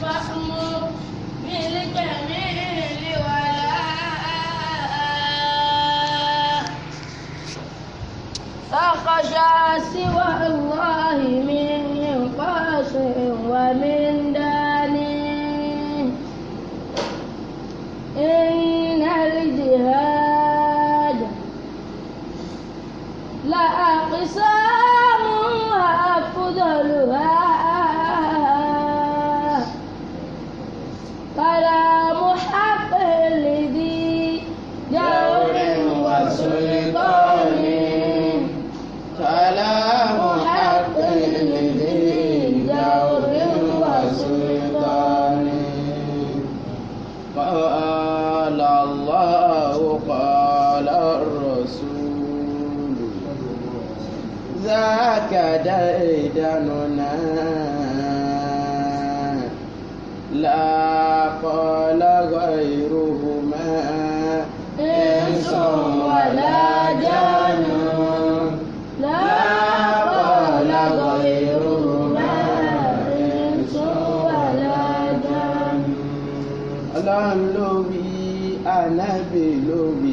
فأمر بالجميل ولا أخشى سوى الله من قاس ومن دان إن الجهاد لا أقسام ديدننا لا قال غيرهما إنس ولا جان لا قال غيرهما إنس ولا جان ọlọ́run ló wí ànábì ló wí.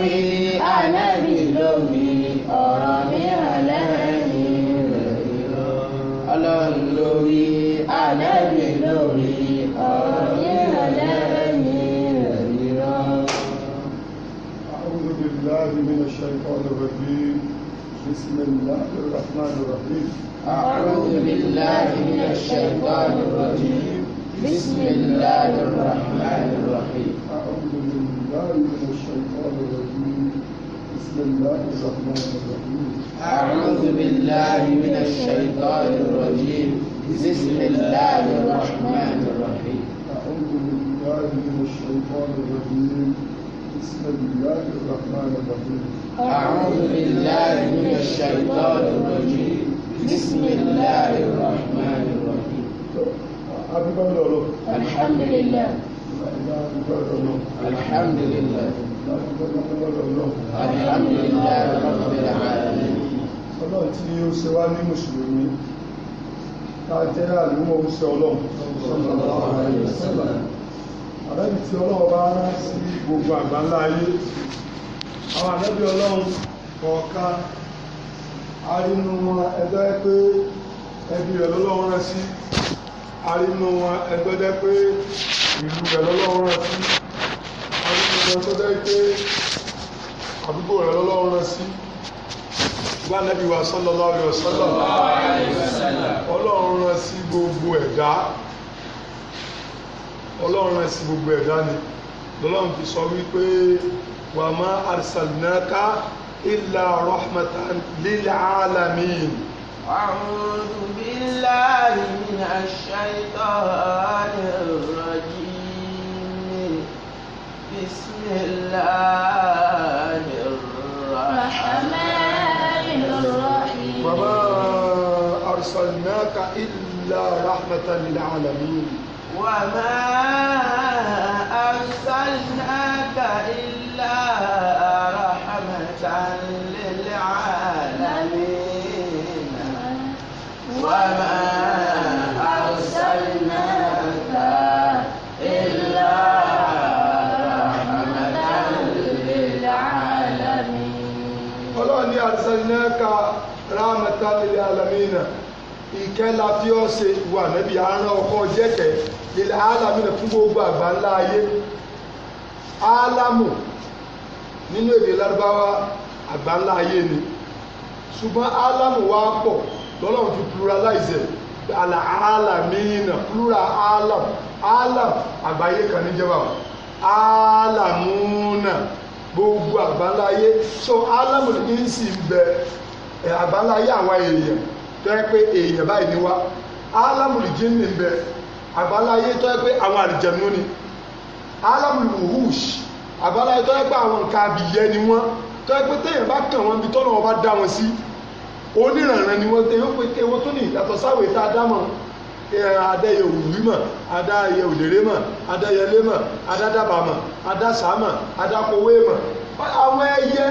أراوي أنا باللوم أراوي علاني على اللوم أنا باللوم أراوي علاني أعوذ بالله من الشيطان الرجيم بسم الله الرحمن الرحيم أعوذ بالله من الشيطان الرجيم بسم الله الرحمن الرحيم أعوذ بالله من بسم الله الرحمن الرحيم أعوذ بالله من الشيطان الرجيم بسم الله الرحمن الرحيم أعوذ بالله من الشيطان الرجيم بسم الله الرحمن الرحيم أعوذ بالله من الشيطان الرجيم بسم الله الرحمن الرحيم الحمد لله الحمد لله ọlọ́run tí ó ṣe wá ní mùsùlùmí káàkiri àlúmọ̀ ó ṣe ọlọ́run àbẹ́bì tí ọlọ́run bá rán sí gbogbo àgbáńlá ayé àwọn àbẹ́bì ọlọ́run kọ̀ọ̀ká arínú wọn ẹgbẹ́ pé ẹbí rẹ̀ lọ́lọ́run rán sí arínú wọn ẹgbẹ́ pé ìlú rẹ̀ lọ́lọ́run rán sí kan tó jẹ́ pé àdúgbò rẹ̀ lọ́lọ́run rán sí bá nẹ́bí wa sallallahu alaihi wasallam ọlọ́run rán sí gbogbo ẹ̀dá ọlọ́run rán sí gbogbo ẹ̀dá ni lọ́lọ́run fi sọ wípé wa ma arsalnaka illa rahmatan lil alamin. أعوذ بالله من الشيطان الرجيم بسم الله الرحمن الرحيم وما أرسلناك إلا رحمة للعالمين وما innaka rahmatan lil alamin ìkẹ́ la fi ọ́ ṣe ìwà nẹ́bí aràn ọkọ̀ alamina lil alamin fún gbogbo àgbà ńlá ayé alamu nínú èdè lárúbáwá àgbà ńlá ayé ni ṣùgbọ́n alamu wa pọ̀ lọ́lọ́run fi pluralize ala alamina plural alam alam àgbáyé kan ní jẹba alamuna gbogbo àgbáńlá ayé so alamu ní sí bẹ àgbáńlá ayé àwọn èèyàn tó yẹ pé èèyàn báyìí ni wá alámùlìjì ń bẹ àgbáńlá ayé tó yẹ pé àwọn àlìjẹ̀nu ni alámùlùhùs àgbáńlá ayé tó yẹ pé àwọn nǹkan abìyẹ ni wọ́n tó yẹ pé téèyàn bá kàn wọ́n bí tọ́nà wọn bá dá wọn sí onírànràn ni wọ́n tẹ́wọ́ pé kéwọ́ tó ní ìyàtọ̀ sáwèé tá a dá mọ̀ adáyẹ òwúrí mọ̀ adáyẹ òdèrè mọ̀ adáyẹlé mọ̀ adádàbà mọ̀ adásà mọ̀ adákowé mọ̀ àwọn ẹyẹ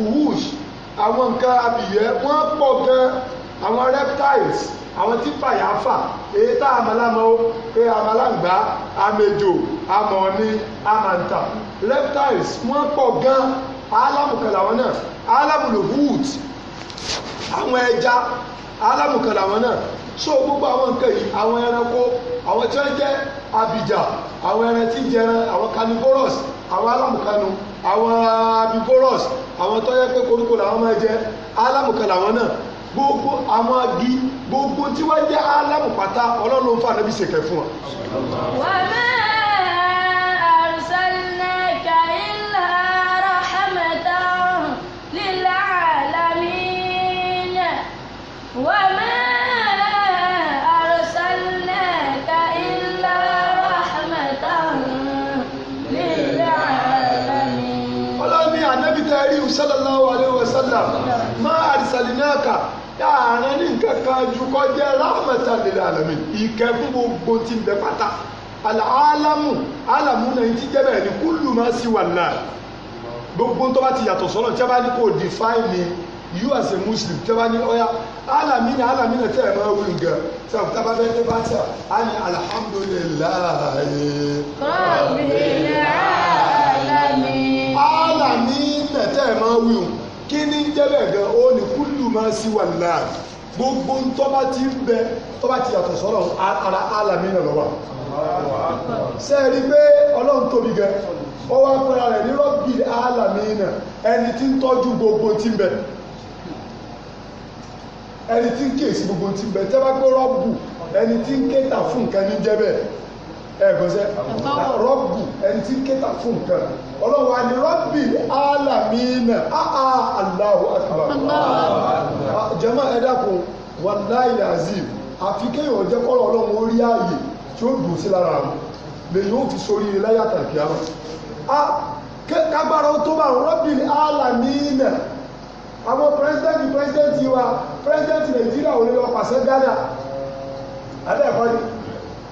wùhùs àwọn nǹkan abìyẹ́ wọ́n pọ̀ gan àwọn reptiles àwọn tí fàyàfà èyí tá àmàlámọ́ pé àmàlágbá àmejò àmọ̀ọ́ní àmàǹtà reptiles wọ́n pọ̀ gan alámùkàlà wọn náà alámùlò hood àwọn ẹja alámùkàlà wọn náà so gbogbo àwọn nǹkan yìí àwọn ẹranko àwọn tí wọ́n jẹ́ abìjà àwọn ẹran tí ń jẹran àwọn carnivorous àwọn alámùkanu àwọn abivorous àwọn tó yẹ pé koríko làwọn máa jẹ álámù kan làwọn náà gbogbo àwọn agi gbogbo tí wọ́n jẹ́ álámù ọlọ́run fún ànábì ṣèkẹ́ fún wa. wàá máa dáàrin ní nǹkan kan ju kọjá ráhùmẹ́tà lèlè àlàmì ìkẹ́ fún gbogbo tí ń bẹ pátá aláàlámù aláàmù náà ti jẹ́ bẹ́ẹ̀ ni kúlù máa sì wà náà gbogbo tó bá ti yàtọ̀ sọ́nà tí a bá ní kò define you as a muslim tí a bá ní ọ̀yà aláàmì náà aláàmì náà tẹ̀ ẹ̀ máa wí nǹkan tí a bá fẹ́ tẹ́ bá tẹ̀ á ní alhamdulillahi. kọ́ọ̀bì náà tẹ̀ ẹ̀ máa wí kí ni jẹ́ bẹ́ẹ̀ gan-an ní kú máa sí wà láàyè gbogbo tọ́ba ti ń bẹ tọ́ba ti yàtọ̀ sọ́lọ̀ ara alàmì náà lọ́wọ́ sẹ́ẹ̀rí pé ọlọ́run tóbi gan ó wá pẹ́ra rẹ̀ ní rọ́bì alàmì náà ẹni tí ń tọ́jú gbogbo tí ń bẹ ẹni tí ń kíyèsí gbogbo tí ń bẹ tẹ́ pé rọ́bù ẹni tí ń kéta fún nǹkan ní jẹ́ bẹ́ẹ̀ ẹ̀gbọ́nsẹ́ rọ́bù ẹni tí kẹta fún nǹkan ọlọ́wọ́ àni rọ́bì alamina aa Allahu akbar jama ẹ dákun wàláyé azeem àfi kéèyàn jẹ́ kọ́rọ̀ ọlọ́run orí ààyè tí ó dùn sí lára àwọn lèyìn ó fi sórí ilé tàbí àwọn kágbára tó bá rọ́bì alamina àwọn pírẹsidẹ́ntì pírẹsidẹ́ntì wa pírẹsidẹ́ntì Nàìjíríà ò lè lọ pàṣẹ Ghana adé ẹ̀kọ́ ni.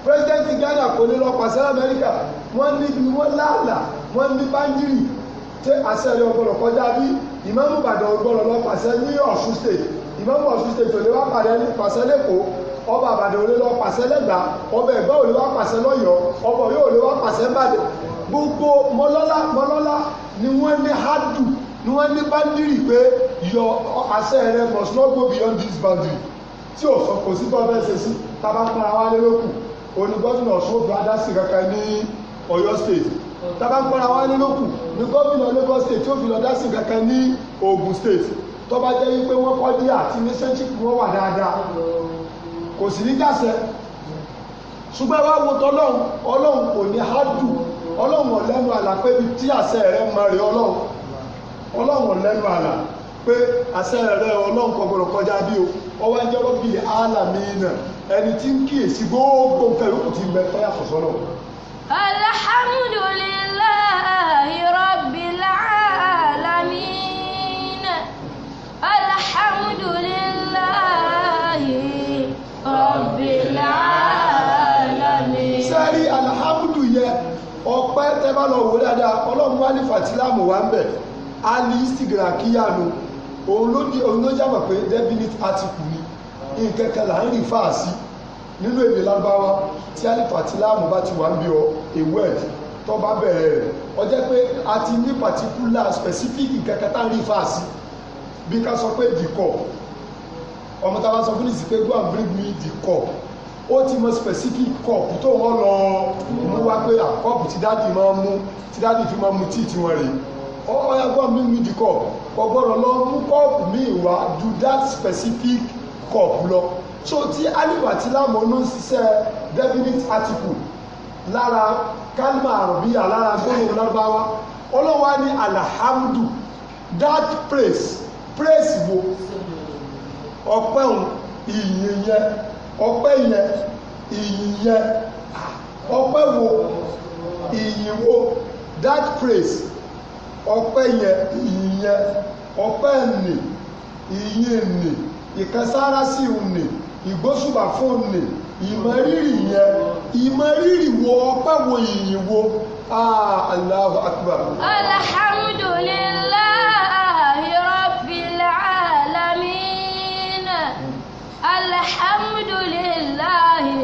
President Ghana kò ní lọ pàṣẹ lamẹ́ríkà wọ́n níbi wọ́n láàlà wọ́n ní báńjírì ṣé àṣẹ rẹ̀ ọgbọ́dọ̀ kọjá bí ìmáàmù Ìbàdàn ọgbọ́dọ̀ lọ pàṣẹ ní Ọ̀ṣun state ìmáàmù Ọ̀ṣun state òní wá pàṣẹ lẹ́kọ̀ọ́ ọba Ìbàdàn òní lọ pàṣẹ lẹ́gbàá ọba Ẹ̀gbá òní wá pàṣẹ lọ́yọ̀ọ́ ọba Ọ̀yọ́ òní wá pàṣẹ Ìbàdàn gbogbo mọlọ́lá mọlọ́lá ni wọ́n ní hádù ni wọ́n ní báńdírì pé your àṣẹ rẹ̀ must not go beyond this boundary tí ò sọ kò sí bọ́ọ̀bẹ́ ṣe sí tábà ń para wálé lókùn òní gómìnà ọ̀ṣun òfin adásí kankan ní ọ̀yọ́ state tábà ń pọ́nra wá nínú kù ní gómìnà lagos state tí ó fi lọ dásí kankan ní ogun state tọ́ba jẹ́ wípé wọ́n kọ́ àti ní sẹ́ńtìkì wọ́n wà dáadáa kò sì ní ṣùgbọ́n wá wo tọ́lọ́hún ní ọlọ́hún ọ̀lẹ́nu àlà tí àṣẹ rẹ̀ mọ̀ rí ọlọ́hún ọ̀lẹ́nu àlà pé àṣẹ ọlọ́run kan gbọdọ̀ kọjá bí o ọwọ́ ẹjọ́ rọ́bì alamina ẹni tí ń kíyèsí gbogbo nǹkan yòókù ti mẹ fẹ́ àfọ̀sọ́ náà. alhamdulillahi rabbil alamin alhamdulillahi rabbil alamin. sẹ́rí alhamdu yẹ ọpẹ́ tẹ́ bá lọ wò dáadáa ọlọ́run wá ní fàtílámù ń bẹ̀ alistigrakiya nu. No òun ló di òun ló jábọ̀ pé definite article ni nǹkan kan là ń rí fáà sí nínú èdè lágbáwá tí alifa ti láàmú bá ti wà ń bí ọ èwú ẹ̀ tó bá bẹ̀rẹ̀ rẹ̀ ọ jẹ́ pé a ti ní particular specific nǹkan kan tá ń rí fáà sí bí ká sọ pé the cup ọmọ tá a bá sọ fún ìsìn pé go and bring me the cup ó ti mọ specific cup tó wọ́n lọ mú wá pé ah, cup tí dáàdì máa mú tí dáàdì fi máa mu tíì tí wọ́n rèé ọmọ ya go and bring me the cup ọgbọ́dọ̀ lọ mú kọ́ọ̀pù mi wá do that specific cup lọ so tí alif àti lamu ló ń ṣiṣẹ́ definite article lára kalima arabiya lára gbólóhùn lárúbáwá ọlọ́wà ní alhamdu that praise praise wo ọpẹ́ òun ìyìn yẹn ọpẹ́ yẹn ìyìn yẹn ah, ọpẹ́ wo ìyìn wo that praise ọpẹ́ yẹn ìyẹn ọpẹ́ nì ìyìn nì ìkẹsára sí òní ìgbósùbà fún òní ìmọ̀rírì yẹn ìmọ̀rírì wo ọpẹ́ wo ìyìn wo ah, Allahu Akbar. alhamdulillahi rabbil alamin alhamdulillahi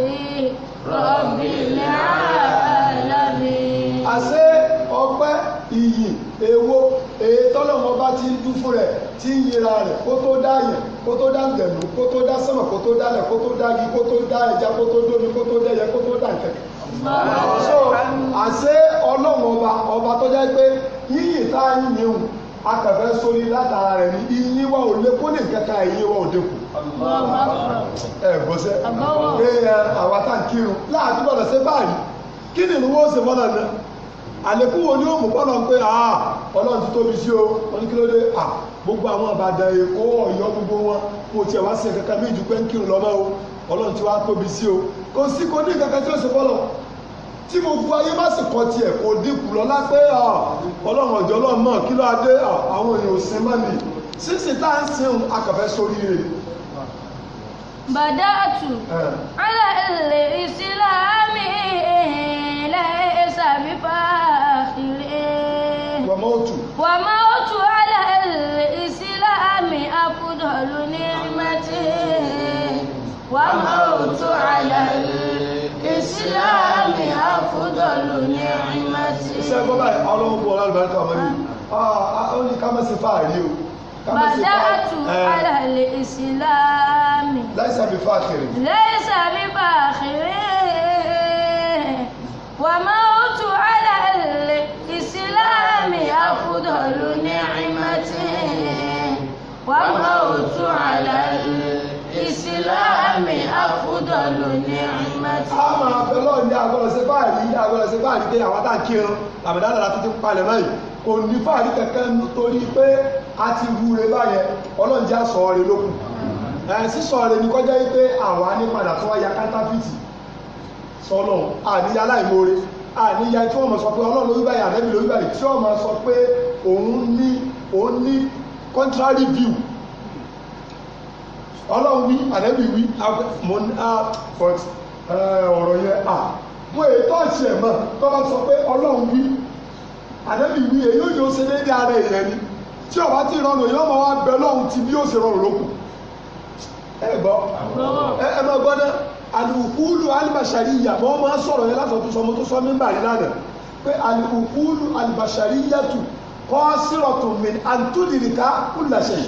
rabbil ń dún fún rẹ̀ tí ń rẹ̀ kó tó dá yẹn kó tó dá ǹdẹ̀nù kó tó dá sọ́mọ̀ kó tó dálẹ̀ kó tó dági kó tó dá ẹja kó tó dómi kó tó dẹ́yẹ kó tó dá so àṣé ọlọ́run ọba ọba tó jẹ́ pé yíyìn tá a yìn látara rẹ ni iye wa ò lé kó lè iye wa ò ẹ gbọ́sẹ̀ ẹ àwa tá n kírun bọ̀dọ̀ báyìí kí ni ìlú wo bọ́dọ̀ ọlọ́run ti tóbi sí o oníkílódé à gbogbo àwọn àbàdàn èkó ọ̀yọ́ gbogbo wọn kò tiẹ̀ wá sí kankan bí ìjú pẹ́ńkìrún lọ́mọ́ o ọlọ́run ti wá tóbi sí o kò sí kò ní kankan tí ó sì fọ́lọ̀ tí gbogbo ayé bá sì kọ́ tiẹ̀ kò dínkù lọ́lá pé ọlọ́run ọ̀jọ́ ọlọ́run náà kí ló adé àwọn èèyàn ò sin mọ́ mi sísìn tá à ń sin akàfẹ́ sórí rẹ̀. bàdáàtù alẹ́ ilé ìsìlámì lẹ́ẹ̀ẹ́sàmífà. وموت على الإسلام أفضل نعمته وموت على الإسلام أفضل نعمته. ṣé ẹ gbọ́ báyìí ọlọ́run bọ̀ ọlọ́run bá ń بدأت على الإسلام ليس بفاخر ليس بفاخر وما أفضل نعمة وموت على الإسلام أفضل نعمة. àwọn àbẹ̀lọ́ ni agbọ́dọ̀ ṣe báyìí agbọ́dọ̀ ṣe báyìí pé àwọn tá a kírun làbẹ̀dá dára tó ti ń palẹ̀ báyìí kò ní fàárí kankan nítorí pé a ti wúre báyẹn ọlọ́run jẹ́ àsọ̀ọ́rẹ́ lókun sísọ̀ọ́rẹ́ ni kọjá yìí pé àwa ní padà tó wáyà kátàfìtì sọ́nà àníyá láìmoore àníyá tí wọ́n mọ̀ sọ pé ọlọ́run ló wíbáyà àdẹ́bí ló wíbáyà tí wọ́n mọ̀ sọ pé òun ní òun ní contrary view ọlọ́run wí àdẹ́bí wí mo ní but ọ̀rọ̀ yẹn a bó èyí e tó ṣe mọ̀ tó bá sọ pé ọlọ́run wí àdẹ́bí wí èyí yóò ṣe déédéé ara ìyẹn ni tí ọba ti rọrùn yóò mọ̀ wá bẹ lọ́hùn tí bí yóò ṣe rọrùn lókun ẹ gbọ́ ẹ máa gbọ́ alùkúlù alìbàṣàríyà wọ́n máa sọ̀rọ̀ yẹn látọ̀tún sọmọ tó sọ mímbà rí lánàá pé alùkúlù alìbàṣàríyà tù kọ́ sírọ̀tún mi àtúndìríkà kúlàṣẹ̀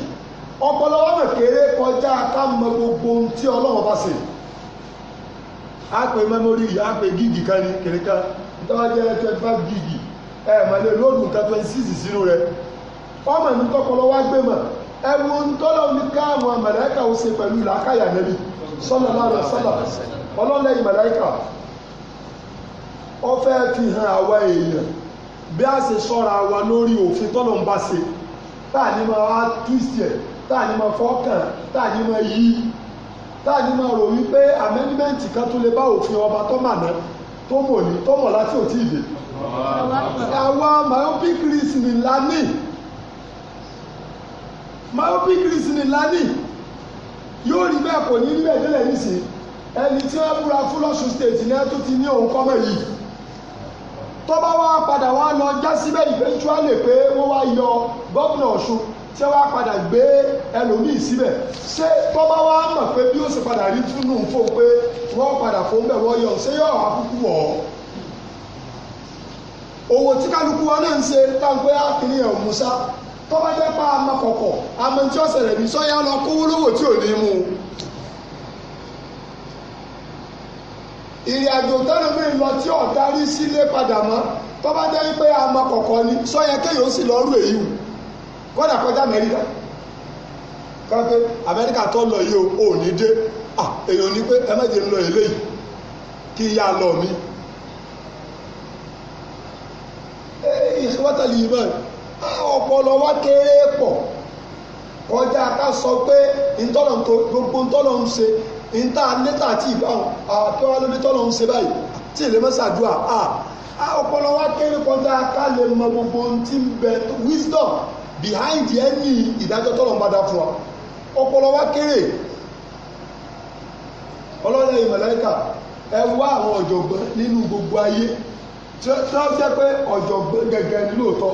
ọpọlọ wọn mọ̀ kéré kọjá ká mọ gbogbo ohun tí ọlọ́wọ́n bá ṣe á pè mẹ́mórì á pè gígì kan ní kéré kan nítorí jẹ́ twenty five gígì ẹ̀ mọ̀lẹ́ lóòdù nǹkan twenty six sínú rẹ̀ ọmọ mi tọpọlọ wá gbé mọ̀ ẹ̀wù ń tọ́lọ́ mi ká àwọn ó ṣe pẹ̀lú làákàyà nẹ́bí sallallahu alaihi wasallam ọlọ́lẹ́yìn màláíkà ó fẹ́ fi hàn àwa èèyàn bí a ṣe sọ́ra wa lórí òfin tọ́lọ̀ ń bá ṣe táà ní máa wá twist ẹ̀ táà ní máa fọ́kàn táà ní máa yí táà ní máa rò wípé amendment kan tó lè bá òfin ọba tó màná ní tó láti òtí ìdè àwa myopic reasoning la myopic reasoning la yóò rí bẹ́ẹ̀ kò ní rí bẹ́ẹ̀ délẹ̀ nísìnyí ẹni tí wọ́n búra fún lọ́sùn state ní ẹ tó ti ní òun kọ́mọ̀ yìí tó bá wá padà wá lọ já síbẹ̀ eventually pé wọ́n wá yọ gómìnà ọ̀ṣun ṣé wá padà gbé ẹlòmíì síbẹ̀ ṣé tó bá wá mọ̀ pé bí ó sì padà rí túnú fún pé wọ́n padà fún bẹ̀ wọ́n yọ ṣé yọ àkúkú wọ̀ ọ́ owó tí kálukú wọn náà ń ṣe táwọn pé á kiri ẹ̀ òmùsá tọ́ba jẹ́ pa amakọ̀kọ̀ amẹ́tí ọ̀sẹ̀rẹ̀ sọ́yà lọ kówó lówó tí ò ní mú un. ìrìn tẹ́lẹ̀ mi lọ tí ò darí sílé padà mọ́ tọ́ba jẹ́ pé amakọ̀kọ̀ ni sọ́yà kéèyàn lọ rú èyí kọ́dà kọjá Amẹ́ríkà Amẹ́ríkà tó lọ yìí ò ní dé ní pé ẹ kí lọ mi. ọpọlọ wa kéré pọ̀ kọjá ká sọ pé ntọ́nà gbogbo ntọ́nà ń ṣe nta níta àti ìbáwọn àti wà lóde tọ́lọ̀ ń ṣe báyìí tí èlé mọ́sàdúrà a ọpọlọ wa kéré kọjá ká lè mọ gbogbo ti ń bẹ wisdom behind any ìdájọ́ tọ́lọ̀ ń bá dá fún wa ọpọlọ wa kéré ọlọ́dẹ ìmọ̀lẹ́kà ẹ wá àwọn ọ̀jọ̀gbọ́n nínú gbogbo ayé tí wọ́n jẹ́ pé ọ̀jọ̀gbọ́n gẹ́gẹ́ lóòótọ́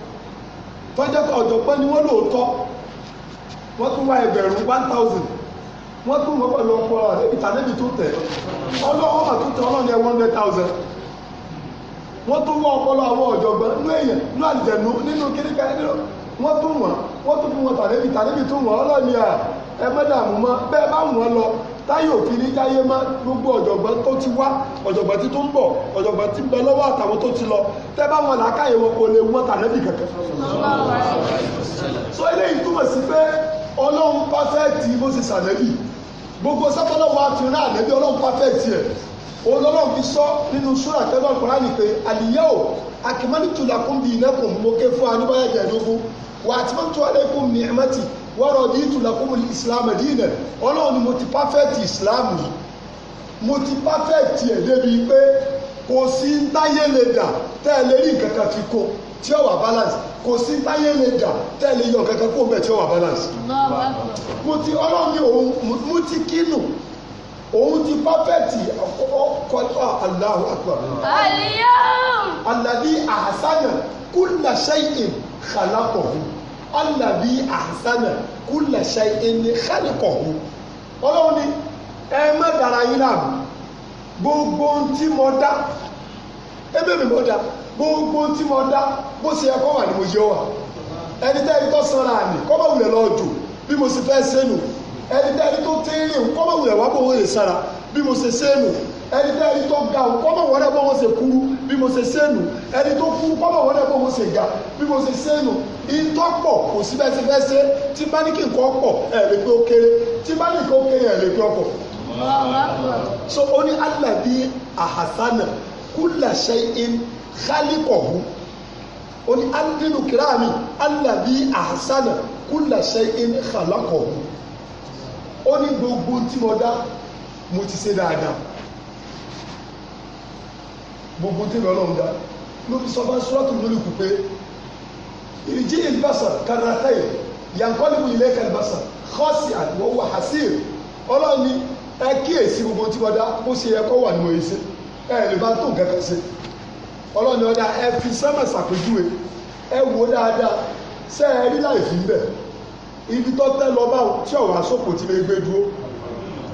tọ́jà ọ̀jọ̀gbọ́n ni wọ́n lóòótọ́ wọ́n tún wá ẹgbẹ̀rún one thousand wọ́n tún wọ́n pẹ̀lú ọkọ tàbí tó tẹ̀ tún tẹ ọlọ́run one hundred thousand wọ́n tún ọpọlọ àwọn ọ̀jọ̀gbọ́n nínú èèyàn nínú àlìjẹ̀nu nínú kíríkà nínú wọ́n tún wọ́n wọ́n tún fún wọn tàbí tàbí tó wọ́n ọlọ́run ẹ má dààmú mọ́ bẹ́ẹ̀ bá wọ́n lọ táyé òfin ní jáyé mọ́ gbogbo ọ̀jọ̀gbọ́n tó ti wá ọ̀jọ̀gbọ́n tí tó ń bọ̀ ọ̀jọ̀gbọ́n tí bẹ lọ́wọ́ àtàwọn tó ti lọ tẹ́ bá wọn làákàyè wọn wọ́n kankan. sọ eléyìí túmọ̀ sí pé ọlọ́run pàfẹ́ẹ̀tì bó gbogbo sọ́tọ́lọ́wọ́ ọlọ́run pàfẹ́ẹ̀tì ẹ̀ fi wọ́rọ̀ ní ìtùlẹ̀kùnmù islam ẹ̀dínlẹ̀ ọlọ́run ni mo ti perfect islam yìí mo ti perfect ẹ̀ débi pé kò sí táyé lè dà tẹ́ ẹ lè rí nǹkan kan fi kó tí ó wà balance kò sí táyé lè dà tẹ́ ẹ lè yọ nǹkan kan kó mẹ́ tí ó wà balance. mo ti ọlọ́run ni òun mo ti kínú òun ti pàfẹ́tì ọkọ̀lá Allahu Akbar. àlìyá. alladhi ahsana kulla shay'in alábí àhásánà kúlẹ̀ṣẹ́ ẹni xẹ́lẹ̀kọ̀ọ̀hún ọlọ́run ni ẹ má dára yín láàmú gbogbo ohun tí mo dá ebe mi mo dá gbogbo ohun tí mo dá bó ṣe yẹ kó wà ní mo yẹ wà ẹni tẹ́ ẹni tó sanra àmì kọ́ bá wulẹ̀ lọ́ọ́ bí mo ṣe fẹ́ sẹ́nu ẹni tẹ́ ẹni tó tẹ́rìn kọ́ bá bó wọ́n lè sára bí mo ṣe sẹ́nu ẹni tẹ́ ẹni tó ga o kọ́mọ̀ wọ́n náà bọ́ wọ́n ṣe kúrú bí mo ṣe ṣe nù ẹni tó kúrú kọ́mọ̀ wọ́n náà bọ́ wọ́n ṣe ga bí mo ṣe ṣe nù ìtọ́pọ̀ kò sí bẹ́ẹ̀ ṣe fẹ́ ṣe tí bá ní kí nǹkan pọ̀ ẹ̀ lè pé ó kéré tí bá ní nǹkan ó kéré ẹ̀ lè pé ọkọ̀. so ó ní alàbí àhàsánà kúlàṣẹ in xálíkọ̀hún ó ní nínú kìláàmì alàbí àhàsánà kúlàṣẹ in xàlákọ̀hún ó ní gbogbo tí mo dá mo ti ṣe dáadáa gbogbo tí ìrọ̀lọ́ ń dá ló fi sọ bá suratul mulk pé ìrìjì ìbásà karatayi yankọ́lùkù ilé kalibasa xọ́ọ̀sì àtiwọ́wọ́ hasir ọlọ́ọ̀ni ẹ kíyèsí gbogbo tí wọ́n dá bó ṣe yẹ kó wà ní oye sí ẹ lè bá tó nǹkan kan ṣe ọlọ́ọ̀ni ọ̀dà ẹ fi sẹ́mẹ̀ ṣàpèjúwe ẹ wò dáadáa sẹ́ ẹ rí láì fi ń bẹ̀ ibi tó tẹ́ lọ báwọn tí ọ̀wá sóko ti lè gbé dúró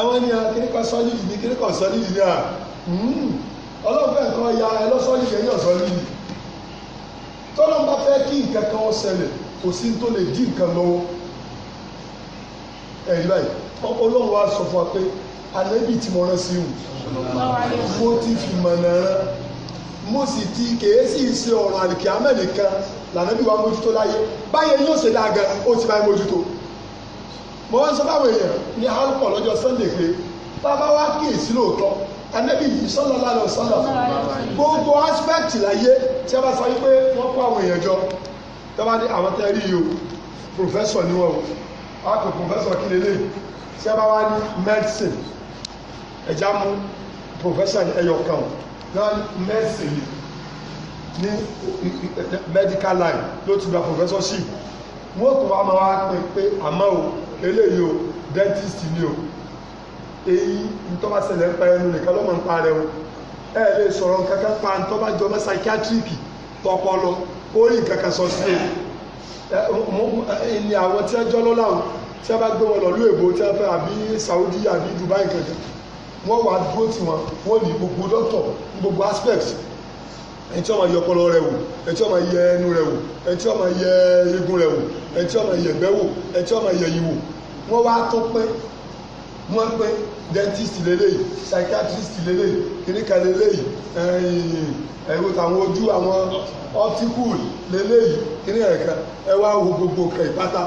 ẹ̀wọ́n ni kíníkan sọ́lìdì ní kíníkan sọ́lìdì ní à hmm. ọlọ́fẹ́ nǹkan ya ẹ lọ́sọ́lìdì ẹ̀yìn ọ̀sọ́lìdì tọ́lọ́ bá fẹ́ kí nǹkan kan ó ṣẹlẹ̀ kò sí tó lè dí nǹkan lọ́wọ́ ẹ̀rí báyìí ọlọ́run wa sọ fún wa pé ànábì tí mo rán sí wù mo ti fi mọ̀nà rán mo sì ti kèé sì ṣe ọ̀ràn àlìkè amẹ́nìkan lànàbí wa mójútó láyé báyẹn yóò ṣe dáa gan ó ti máa mójútó mo wá ń sọ báwọn èèyàn ní alukọ lọ́jọ́ sunday pé bàbá wa kíyèsí lóòótọ́ anabi yìí sallallahu alaihi wasallam gbogbo aspect láyé tí a bá sọ wípé wọ́n kó àwọn èèyàn jọ tó bá ní àwọn tẹ́rí yìí o professor ni wọ́n o a pè professor kí lélẹ̀ tí a bá wá ní medicine ẹ̀já mú professor ẹ̀yọ̀ kan náà medicine ní medical line ló ti gba professorship wọ́n kò wá máa wá pè pé àmọ́ o eléyìí o dentist ni o èyí ntọ́ba ṣẹlẹ̀ ń pa ẹnu nìkan ló máa ń pa rẹ o ẹ lè sọ̀rọ̀ kankan pa ntọ́ba jọ mọ́ psychiatric tọpọlọ ó rí kankan sọ sí ẹ ní àwọn tí wọ́n jọ́ lọ́la o tí wọ́n bá gbé wọn lọ lú èbó tí wọ́n fẹ́ àbí Saudi àbí Dubai kankan wọ́n wá dúró tiwọn wọ́n ní gbogbo dọ́tọ̀ gbogbo aspect ẹni tí ó máa yẹ ọpọlọ rẹ wò ẹni tí ó máa yẹ ẹnu rẹ wò ẹni tí yẹ eegun rẹ wò ẹni tí yẹ ẹ̀gbẹ́ wò ẹni tí yẹ ẹ̀yìn wò wọ́n wá tó pé wọ́n pé dentist lélẹ́yìí psychiatrist lélẹ́yìí clinical lélẹ́yìí ẹ̀wò tàwọn ojú àwọn optical lélẹ́yìí kíní ẹ̀ka ẹ wá wo gbogbo kẹ̀ ìpátá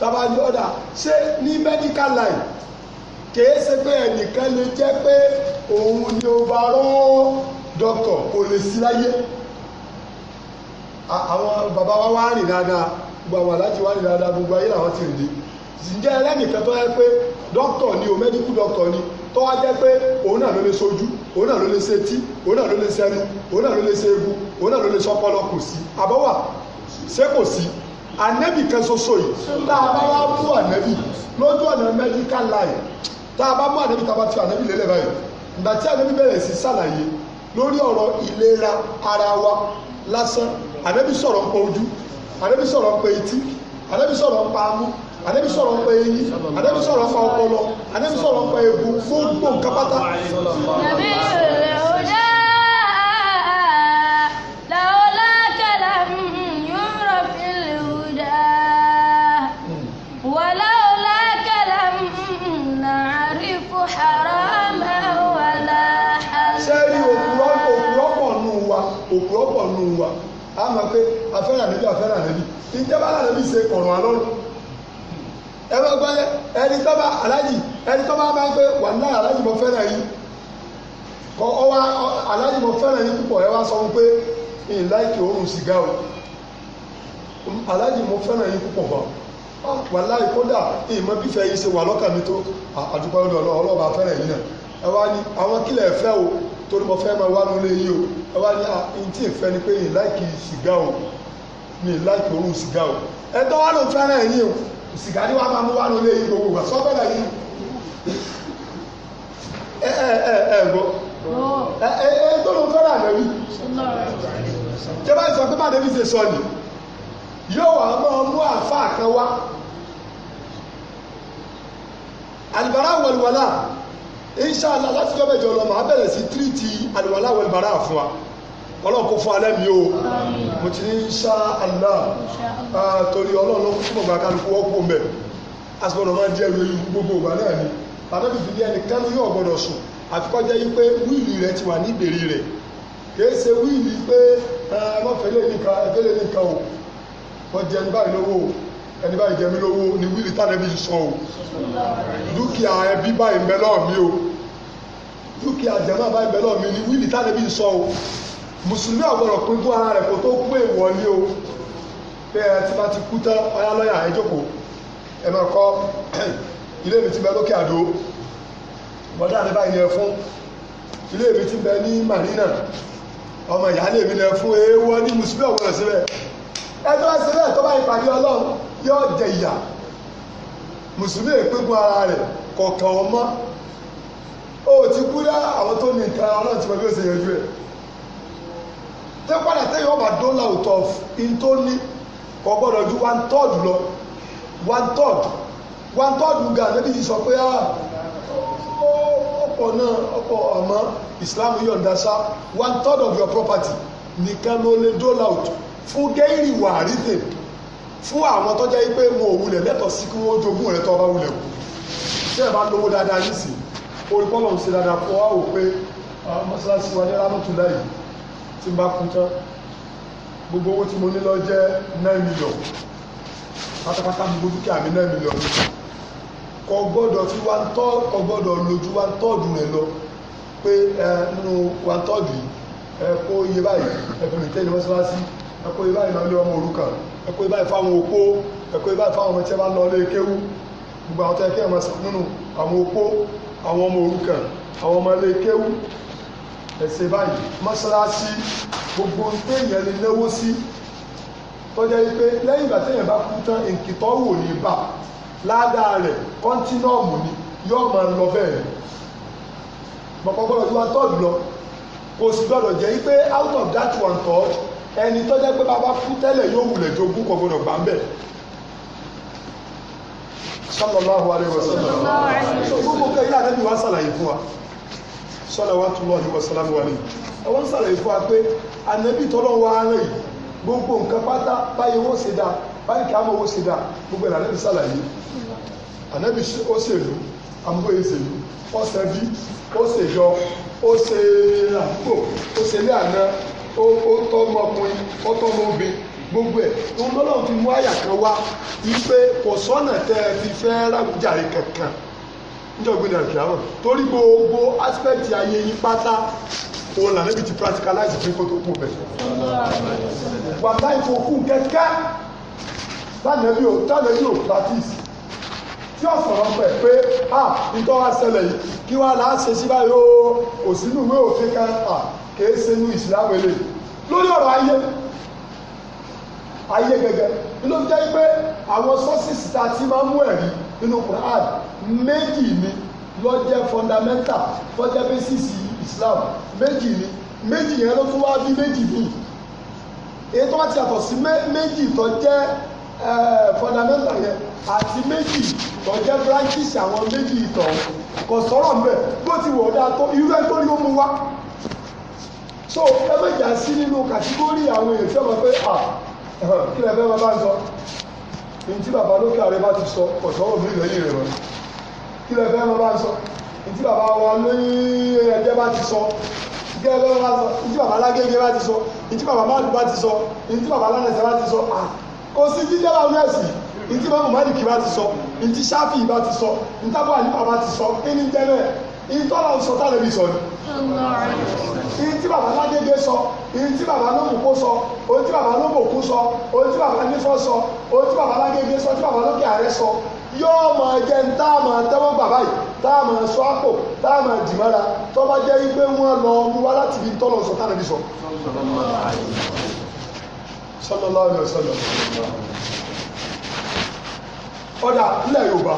tábà ní ọ̀dà ṣé ní medical line kìí ṣe pé ẹnìkan lè jẹ́ pé òun ni ó bá rán dọ́kítọ̀ kò lè sí láyé àwọn bàbá wa wá rìn dáadáa gbogbo àwọn aláàjì wá rìn dáadáa gbogbo ayé làwọn ti rìn dé ǹjẹ́ ẹlẹ́nìkan tó yẹ pé dọ́kítọ̀ ni o mẹ́díkù dọ́kítọ̀ ni tó wá jẹ́ pé òun náà ló lè sojú òun náà ló lè ṣe tí òun náà ló lè ṣẹ́nu òun náà ló lè ṣe egun òun náà ló lè ṣọpọlọ kò sí àbọ̀wà ṣé kò sí ànẹ́bì kan ṣoṣo yìí tá a bá wá mú ànẹ́bì lójú ọ̀nà medical line tá a bá mú ànẹ́bì tá a bá ti ànẹ́bì lélẹ̀ báyìí ìgbà tí ànẹ́bì bẹ̀rẹ̀ sí ṣàlàyé lórí ọ̀rọ̀ ìlera ara wa lásán ànábì sọ̀rọ̀ ń pa ojú ànábì sọ̀rọ̀ ń pa etí ànábì sọ̀rọ̀ ń pa amú ànábì sọ̀rọ̀ ń pa eyín ànábì sọ̀rọ̀ ń pa ọpọlọ ànábì sọ̀rọ̀ ń pa egun fún gbòǹkápátá. àmọ́ pé afẹ́ràn níbi afẹ́ràn níbi ìjọba aláàrẹ bí ṣe kọ̀rọ̀ wa ẹ bá gbọ́ ẹni tó bá aláàjì ẹni tó bá ń pé aláàjì yìí kọ aláàjì yìí púpọ̀ ẹ wá sọ pé láìkì sìgá o aláàjì yìí púpọ̀ ah, kódà bífẹ́ yìí ṣe wà lọ́kàn mi tó torí mo fẹ́ máa wá nulẹ̀ yìí o ẹ wá ní ẹni ah, tí ìfẹ́ ni pé yìí láìkì sìgá o mi láìkì òórùn sìgá o ẹ tọ́ wá ló fẹ́ràn yìí o sìgá ni wàá máa mú wá nulẹ̀ yìí gbogbo wa sọ bẹ́ẹ̀ yìí ẹ ẹ ẹ ẹ gbọ́ ẹ ẹ ẹ tó ló fẹ́ràn àdẹ́bí jẹ́ bá sọ pé bá ṣe sọ ni yóò wá máa mú àáfàá kan wá àlùbárà wọ̀lùwọ̀lá inṣàlá láti jọ́ mẹ́jọ lọ màá bẹ̀rẹ̀ sí tírìtì àlùwàlá wal bàrà fún wa ọlọ́run kò fún alẹ́ mi o mo ti ní inṣàlá ah, torí ọlọ́run ló fún ọgbà kálukú ọkọ̀ mbẹ̀ asọ̀rọ̀ máa jẹ́ ìlú ìlú gbogbo ọgbà náà ni bàbá mi bìbí ẹni kánú yóò gbọdọ̀ sùn àfikọ́ jẹ́ yí pé wíìlì rẹ ti wà ní ìbèrè rẹ̀ kìí ṣe wíìlì pé ah, ẹ mọ́fẹ́lẹ́ nìkan nìkan o ẹni báyìí jẹ mí lówó ni wíìlì tàbí sọ o dúkìá ẹbí báyìí ń mi o dúkìá jẹ̀mọ́ báyìí ń mi ni wíìlì tàbí sọ o mùsùlùmí àgbọ̀rọ̀ pín fún ara rẹ̀ kó tó pé wọlé o pé ẹ ti bá ti kú tán ọyá lọ́yà ẹ jókòó ẹ máa kọ́ ilé mi ti bẹ lókè àdó bọ́dá mi báyìí ni fún ilé mi ti bẹ ní marina ọmọ ìyáálé mi ni fún ewọ́ ní mùsùlùmí àgbọ̀rọ̀ síbẹ̀ ẹ tó bá síbẹ̀ tó bá ìpàdé ọlọ́run yóò jẹ ìyà mùsùlùmí ìpínkun ara rẹ̀ kọ̀ọ̀kan ọmọ ó ti kú dá àwọn tó ní ìtara ọlọ́run ti mọ bí ó ṣe yanjú ẹ̀ tẹ́ padà tẹ́yìn ọba dọ́là òtọ̀ in tó ní kò gbọ́dọ̀ ju one third lọ one third one third ga níbi yìí sọ pé ọ̀pọ̀ ah, náà ọ̀pọ̀ àmọ́ Islam yọ̀ǹda sá one third of your property nìkan ló lè dọ́là òtọ̀ fún gẹ́rì wàhálì tèmi fún àwọn tó jẹ́ pé wọn ò wulẹ̀ lẹ́tọ̀ọ́ sí kí wọ́n jogún rẹ̀ tó ọba wulẹ̀ kù tí ẹ bá lówó dáadáa nísìn olùkọ́lọ̀ ń ṣe dáadáa fún wa wò pé mọ́ṣáláṣí wa ní rámọ́túndà yìí tí n bá kú tán gbogbo owó tí mo ní lọ jẹ́ nine million pátápátá gbogbo dúkìá mi nine million kò gbọ́dọ̀ fi wá ń tọ́ kò gbọ́dọ̀ lójú wá ń tọ́ọ̀dù rẹ̀ lọ pé ẹ nínú wá ń tọ́ọ̀dù yìí ẹ kó iye báyìí ẹ fi rìn tẹ́lẹ̀ mọ́ṣáláṣí ẹ kó iye báyìí náà ẹ̀kọ́ ibà ìfáwọn òpó ẹ̀kọ́ ibà ìfáwọn ọmọ tí wọ́n bá lọ lé kéwú gbogbo àwọn tó yẹ kí ẹ̀ máa sàmúnù àwọn opó àwọn ọmọ òrukàn àwọn ọmọ ilé kéwú ẹ̀sẹ̀ báyìí mọ́ṣáláṣí gbogbo téèyàn lè náwó sí tọ́jà yìí pé lẹ́yìn ìgbà téèyàn bá kú tán ìkìtọ́ wò ní bà ládàá rẹ̀ kọ́ńtínọ́ọ̀mù ni yóò máa lọ bẹ́ẹ̀ mọ̀kọ́ gbọ́dọ̀ tí wọ́n tọ́jú lọ kò sì gbọ́dọ̀ jẹ́ yìí pé out of that one third ẹni tó jẹ́ pé bàbá kú tẹ́lẹ̀ yóò wulẹ̀ jogún kò gbọdọ̀ gbà ń bẹ̀ sallallahu alaihi wasallam gbogbo kẹ́ ilé àdébí wa sàlàyé fún wa salawatullahi wa salamu alaihi ẹwọ́n sàlàyé fún wa pé ànábì tọ́lọ́ wa rẹ̀ gbogbo nǹkan pátá báyìí wọ́n ṣe dáa báyìí kí á mọ̀ wọ́n ṣe dáa gbogbo ẹ̀ ànábì sàlàyé ànábì ó ṣèlú àmúgbòye ṣèlú ọ̀sẹ̀ bí ó ṣèjọ ó ṣe àdúgbò ó ṣe ilé àná ó tọ́ ọmọkùnrin ó tọ́ ọmọbìnrin gbogbo ẹ̀ òun lọ́lọ́run fi mú àyà kan wá ipe kò sọ́nà tẹ́ ẹ ti fẹ́ rájàre kankan níjọ́gbìn náà kìí àwọn torí gbogbo aspect ayé yín pátá òun là níbi ti practicalize fún kótó kú bẹ̀. wàhálà ìfowópamọ́ kẹ́kẹ́ tánàbí ò tánàbí ò practice tí ó sọ̀rọ̀ pẹ̀ pé à ń tọ́ ṣẹlẹ̀ yìí kí wàá là á ṣe sí báyìí ó òsínú ìwé òfin kan à ah, kìí ṣe inú ìsìlámù eléyìí lórí ọ̀rọ̀ ayé ayé gẹ́gẹ́ ló jẹ́ pé àwọn sọ́sìsì tá a ti máa mú ẹ̀rí nínú Quran méjì ni ló jẹ́ fundamental ló jẹ́ basis Islam méjì ni méjì yẹn ló tún wá bí méjì míì èyí tó wá ti yàtọ̀ sí méjì tó jẹ́ fundamental yẹn àti méjì tó jẹ́ branches àwọn méjì ìtọ̀ kò sọ̀rọ̀ mbẹ́ bó ti wọ̀ ọ́ dáa tó irú ẹ̀ tó ní ó mú wá so ẹ má jà sí nínú kàtígórì àwọn èèyàn tí wọ́n pé à kí lè fẹ́ máa bá ń sọ ní tí bàbá lókè ààrẹ bá ti sọ ọ̀sọ́wọ́ mi lẹ́yìn rẹ̀ wọ́n kí lè fẹ́ máa bá ń sọ ní tí bàbá wọn lóyún ẹjẹ́ bá ti sọ kí lè fẹ́ máa bá ń sọ ní tí bàbá alágége bá ti sọ ní tí bàbá máàlù bá ti sọ ní tí bàbá alánàṣẹ bá ti sọ à kò sí jíjẹ́ bá wọ́n ẹ̀sìn ní tí bàbá mọ̀mọ́dì kì bá ti sọ ní tí sáfì bá ti sọ ní tábọ̀ bá ti sọ kí ni jẹ́ bẹ́ẹ̀ ìtọ́lá ń sọ táwọn ẹbí sọ ni ìyẹn tí bàbá ládéjé sọ ìyẹn tí bàbá lóbùkú sọ òun tí bàbá lóbùkú sọ òun tí bàbá nífọ̀ sọ òun tí bàbá ládéjé sọ tí bàbá lókè ààrẹ sọ yóò máa jẹ ń tá a máa tẹ́wọ́ bàbá yìí tá a máa sọ àpò tá a máa dìmọ́ra tó bá jẹ́ wípé wọ́n lọ mú wá láti ibi tọ́lọ̀ sọ táwọn ẹbí sọ. sallallahu alaihi wasallam ọ̀dà ilẹ̀ Yorùbá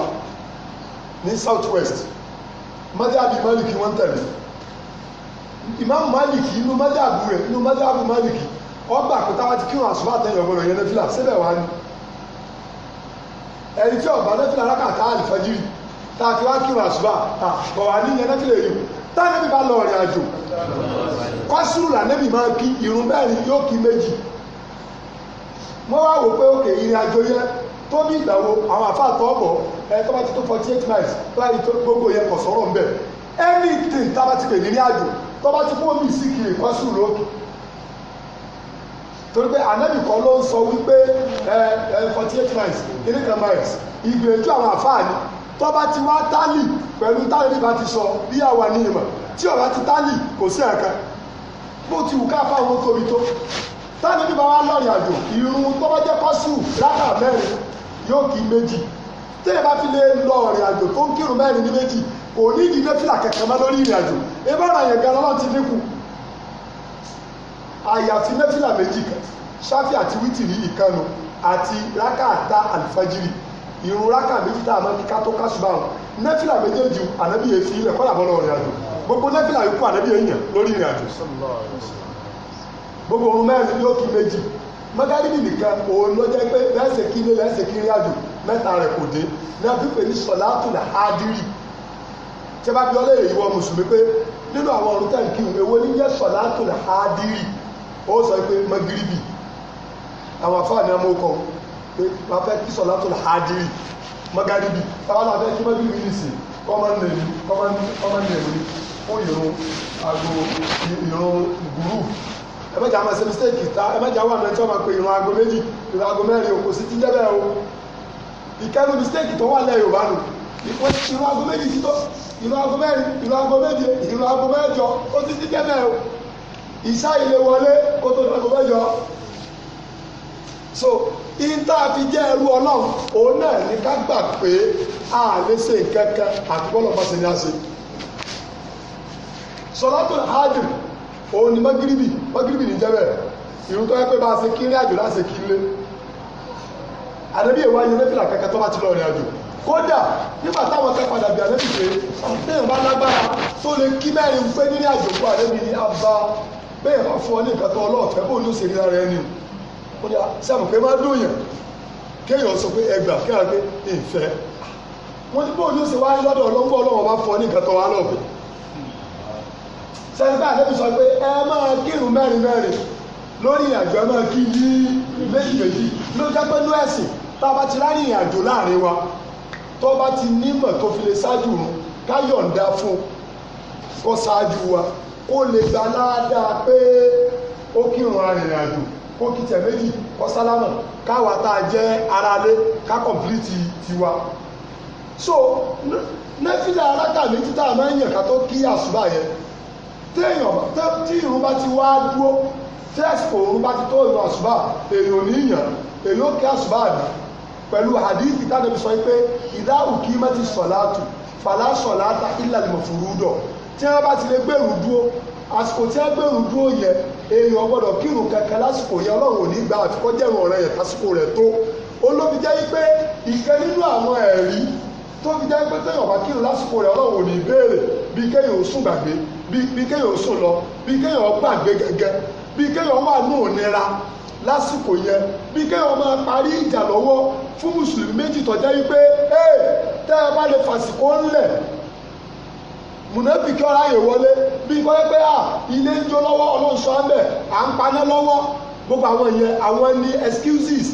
ní south west mọ́jáàbí Málìkì wọ́n tẹ̀lé ìmáàmù Málìkì inú mọ́jáàbù rẹ̀ inú mọ́jáàbù Málìkì ọgbà pé táwa ti kírun àsùbá tẹ̀lé ọgbọ̀nà yẹn nẹ́fìlà síbẹ̀ wá ní ẹni tí ọ̀bá nẹ́fìlà rákàtà àlìfẹ́jìrì tá a ti wá kírun àsùbá àkọ́ wá ní yẹn nẹ́fìlà èyí tánàbí bá lọ ọ̀rìn àjò kọ́sùrù lànàbí máa kí ìrun bẹ́ẹ̀ ni yóò kí méjì wọ́n wá wò pé òkè ìrìn àjò yẹn tó ní ìgbàwo àwọn àfáà tó ọ̀bọ̀ ẹ tó bá ti tó forty eight miles láì tó gbogbo yẹn kọ̀ sọ́rọ̀ ń bẹ̀ anything tá a bá ti pè ní ní àjò tó bá ti kó omi ìsìnkì ìkọ́sù lókè torí pé anabi kan ló ń sọ wípé ẹ ẹ forty eight miles kìnnì kan miles ìgbìyànjú àwọn àfáà ni tó bá ti wá tálì pẹ̀lú tálì bá ti sọ bí àwa ní ìmọ̀ tí ọ̀rá ti tálì kò sí ẹ̀ka bó ti wù ká fáwọn tóbi tó táwọn ẹbí bá wá lọ́rìn àjò irun tó jẹ́ kọ́sù rákà mẹ́rin yóò kí méjì téèyàn bá fi lè lọ́rìn àjò tó ń kírun mẹ́rin ní méjì kò ní ìdí nẹ́fìlà kẹ̀kẹ́ mọ́ lórí ìrìn àjò ebí ọ̀rọ̀ yẹn gan lọ́wọ́ ti dínkù àyàfi nẹ́fìlà méjì kan ṣáfì àti wítìrì ìkànnù àti rákà àta àlùfájìrì ìrun rákà méjì tá a máa ní ká tó kásùbà wọn nẹ́fìlà méjèèjì ànábìyẹ fi ilẹ̀ kọ́là bọ́ lọ́rìn àjò gbogbo nẹ́fìlà yòókù ànábìyẹ yàn lórí ìrìn àjò gbogbo ohun mẹ́rin yóò kí méjì mọ́gàríbì nìkan òun ló jẹ́ pé lẹ́sẹ̀ kí lé lẹ́sẹ̀ kí rí àjò mẹ́ta rẹ̀ kò dé náà fífẹ́ ní sọ̀látùlà ádìrì tí a bá fi ọlẹ́ ìwọ mùsùlùmí pé nínú àwọn ọ̀run tẹ̀ kí èwo ní jẹ́ sọ̀látùlà ádìrì ó sọ pé mọ́gàríbì àwọn afáàní ọmọ ọkọ pé wọ́n fẹ́ kí sọ̀látùlà ádìrì mọ́gàríbì táwọn náà fẹ́ kí mọ́gàríbì nìsín kọ́mọ́ nìyẹn kọ́mọ́ nìyẹn fún ìrún àgbo ìrún gùrù ẹ mẹ́jà máa ṣe mistake ta ẹ mẹ́jà wà mẹ́tí ọmọ pé ìrun aago méjì ìrun aago mẹ́rin òkò sí jíjẹ́ bẹ́ẹ̀ o ìkẹ́rù mistake tó wà lẹ́yìn òbá nù ìrun aago méjì sí tó ìrun aago mẹ́rin ìrun aago méje ìrun aago mẹ́jọ ó ti jíjẹ́ bẹ́ẹ̀ o ìṣá ilé wọlé kó tó aago mẹ́jọ so ìta fi jẹ́ ẹrú ọlọ́run òun náà ní ká gbà pé a lè ṣe nǹkan àti bọ́lọ̀ bá ní àṣe sọlá tó hajj òun ni mọ́gìrìbì mọ́gìrìbì ní jẹ́ bẹ́ẹ̀ ìrun tó yẹ pé bá a ṣe kílé àjò láti ṣe kílé ànábì èèwọ̀ ayé nẹ́fìlà kankan tó bá ti lọ rìn àjò kódà nígbà táwọn kan padà bí ànábì pé bẹ́ẹ̀ bá lágbára tó lè kí mẹ́rin pé nílé àjò fún ní abá bẹ́ẹ̀ bá fún ọ ní ọlọ́ọ̀fẹ́ ló ṣe rí ẹni kéèyàn sẹ́ńtà àdébí sọ pé ẹ máa kírun mẹ́rin mẹ́rin lórí ìrìnàjò ẹ máa kí ní méjì méjì ló jẹ́ pé ní ẹ̀sìn tá a bá ti rárí ìrìnàjò láàrin wa tó bá ti nímọ̀ tó fi lè ṣáájú run ká yọ̀ǹda fún kó ṣáájú wa kó lè gba ládàá pé ó kírun arìnrìnàjò kó kí tẹ̀ méjì kó sálámà káwa tá a jẹ́ aráalé ká kọ̀m̀plìtì tiwa so nẹ́fìlà arákà méjì a máa ń yàn ká tó kí àsùbà yẹn téèyàn tí ìrun bá ti wá dúró tí àsìkò òun bá ti tó ìrun àṣùbà èèyàn níyàn èèyàn ó kí àṣùbà àná pẹ̀lú hadith tánàbí sọ pé ìdá òkì mẹ́tì sọ̀láàtù fàlà sọ̀láàtà ìlànà ìmọ̀fùrúdọ̀ tí wọ́n bá ti lè gbèrú dúró àsìkò tí wọ́n gbèrú dúró yẹ èèyàn gbọ́dọ̀ kírun kankan lásìkò yẹ ọlọ́run ò ní gba àfikọ́ jẹ́rùn ọ̀rẹ́ yẹn lásìkò rẹ̀ tó olóbi jẹ́ pé ìkẹ́ nínú àwọn ẹ̀rí tó jẹ́ pé téèyàn bá kírun lásìkò rẹ̀ ọlọ́run ò béèrè bí kéèyàn ó sùn gbàgbé bí kéèyàn sùn lọ bí kéèyàn gbàgbé gẹ́gẹ́ bí kéèyàn wà ní òníra lásìkò yẹn bí kéèyàn máa parí ìjà lọ́wọ́ fún mùsùlùmí méjì tọ́já yìí pé ee tẹ́ ẹ bá lè fàsìkò ńlẹ̀ mùnàbí ọ̀rá yè wọlé bí kọ́ pé à ilé ń jó lọ́wọ́ ọlọ́sọ ẹ̀ à ń paná lọ́wọ́ gbogbo àwọn yẹn àwọn ni excuses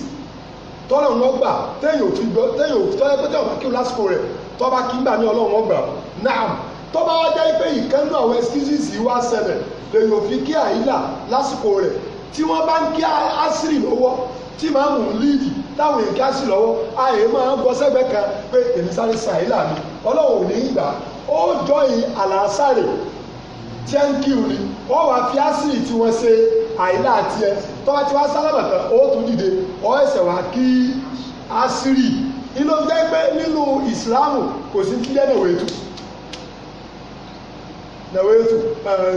tọ́lọ̀ wọn gbà téèyàn ò fi gbọ́ téèyàn ò fi tọ́lẹ̀ pé téèyàn bá kí lásìkò rẹ̀ tọ́ bá kí ń gbà ní ọlọ́run wọn náà tó bá wá jẹ́ pé ìkànnì àwọn excuses yìí wá ṣẹlẹ̀ lèyìn òfin kí àyílà lásìkò rẹ̀ tí wọ́n bá ń kí àṣírí lọ́wọ́ tí màá mú líìdì táwọn èèyàn kí àṣírí lọ́wọ́ àyè máa ń bọ́ sẹ́gbẹ̀ẹ́ kan pé èmi sáré sa àyílà mi ọlọ́run ò ní ìgbà ó jọyìn àlàásàrè tí ẹ ń kí òní ó wàá fi àṣírí tí wọ́n ṣe àyílà tiẹ̀ tọ́wọ́ tí wọ́n sálámà tán ó tún dìde ó ẹ̀sẹ̀ wá kí àṣírí inú jẹ́ pé nínú ìsìláàmù kò sí kí lẹ́nu òwe tún na wetu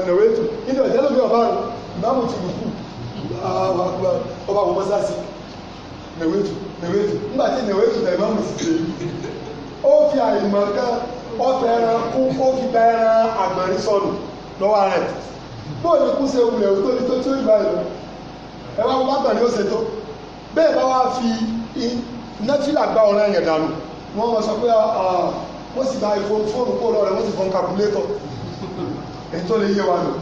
na wetu ndị ọjọ́ ló fi ọba rẹ bá mo ti rùkú ọba na wetu na wetu nígbà na wetu na ìmáàmù sì ṣe ó fi àyìnbọn kan ọ̀fẹ́ ẹran kú ó fi gba ẹran àgbọ̀nrín sọnù lọ́wọ́ rẹ̀ bóyá ikú ṣe wulẹ̀ tó ní tó tí ó gbà yìí fi nẹ́tílà gba ọ̀rẹ́ yẹn dànù wọ́n ètò lè yé wa lò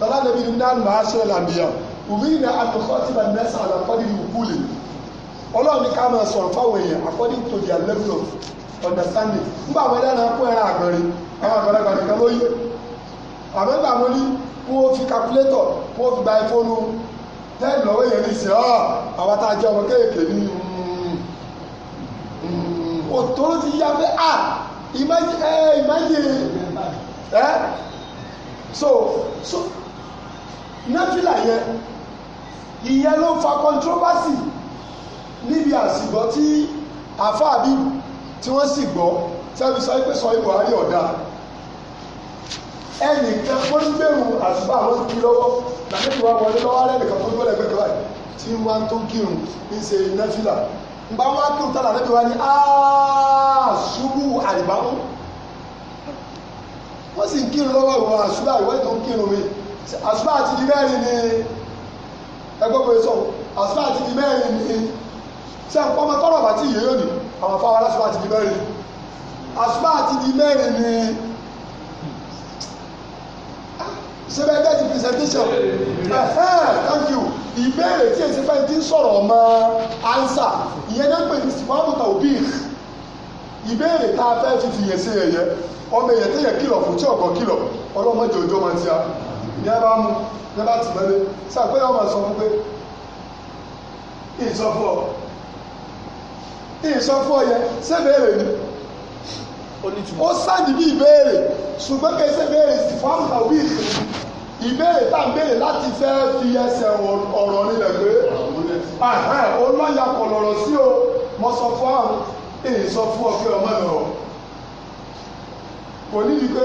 tọ́lá nàbí ní nánú máa ṣe làǹbíyà òbí ní àtúkọ́ tí bá nẹ́sà àlàkọ́dì ní òkúlè ọlọ́run ká máa sọ àfáwọn èèyàn according to their level of understanding nígbà àwọn ẹlẹ́ran kó ẹran àgbọ̀nrín àwọn àgbàlagbà nìkan ló yé àmọ́ nígbà wọn ní kí wọ́n fi calculator kí wọ́n fi gba ìfọ́nù tẹ́lẹ̀ lọ́wọ́ èèyàn ní sẹ́ ọ́ àwọn tá a jẹ́ ọmọ kéèké ní hmm. hmm. òtòrò ti yá pé ah imagine ẹ eh, imagine ẹ so so náfìlà yẹn ìyẹn ló fa controversy níbi àsìgbọ́ tí àfáàbí tí wọ́n sì gbọ́ sẹ́bi sọ pé sọ ibò àárẹ̀ ọ̀dà ẹnìkan ó ń gbèrú àsìgbà àwọn ti fi lọ́wọ́ làbẹ́bí wa wọlé lọ́wọ́ rẹ̀ nìkan tó ń gbọ́dọ̀ gbẹ̀gbẹ̀ báyìí tí wọ́n á tó kírun ń ṣe náfìlà ń bá wọn á kírun tán làbẹ́bí wa ní aaa ṣubú àlìbáwọ́ wọ́n sì ń kírun lọ́wọ́ ìwọ̀n àṣùbà ìwọ́n ìtàn kírun mi àṣùbà àti di mẹ́rin ni ẹgbẹ́ pé sọ àṣùbà àti di mẹ́rin ni ṣé nǹkan ọmọ tọrọ bàtí yìí yóò ní àwọn afáwọn aláṣùbà àti di mẹ́rin àṣùbà àti di mẹ́rin ni ṣe bẹ́ẹ̀ bẹ́ẹ̀ ti presentation thank you ìbéèrè tí èsì fẹ́ ti ń sọ̀rọ̀ ọmọ ansa ìyẹn náà pè ní sìmọ́mù tàbí ìbéèrè tá a fẹ́ fi fìyẹ̀sí ẹ̀yẹ ọmọ èèyàn téèyàn kìlọ̀ fún tí ọ̀gbọ́n kìlọ̀ ọlọ́mọdé òjò máa ti a ní a bá mú ní a bá tì mẹ́lẹ́ sàgbé yóò máa sọ fún pé ìsọfún ọ ìsọfún ọ yẹ sẹ́bẹ̀rẹ̀ ni ó sáàdì bí ìbéèrè ṣùgbọ́n kẹ́ sẹ́bẹ̀rẹ̀ sì fún àwọn òbí ìbéèrè tá à ń béèrè láti fẹ́ fi ẹsẹ̀ ọ̀rọ̀ nílẹ̀ pé ó lọ́yà kọ̀ lọ̀rọ̀ sí o mo sọ fún àwọn èyí sọ fún ọmọ ẹ̀ kò níbi pé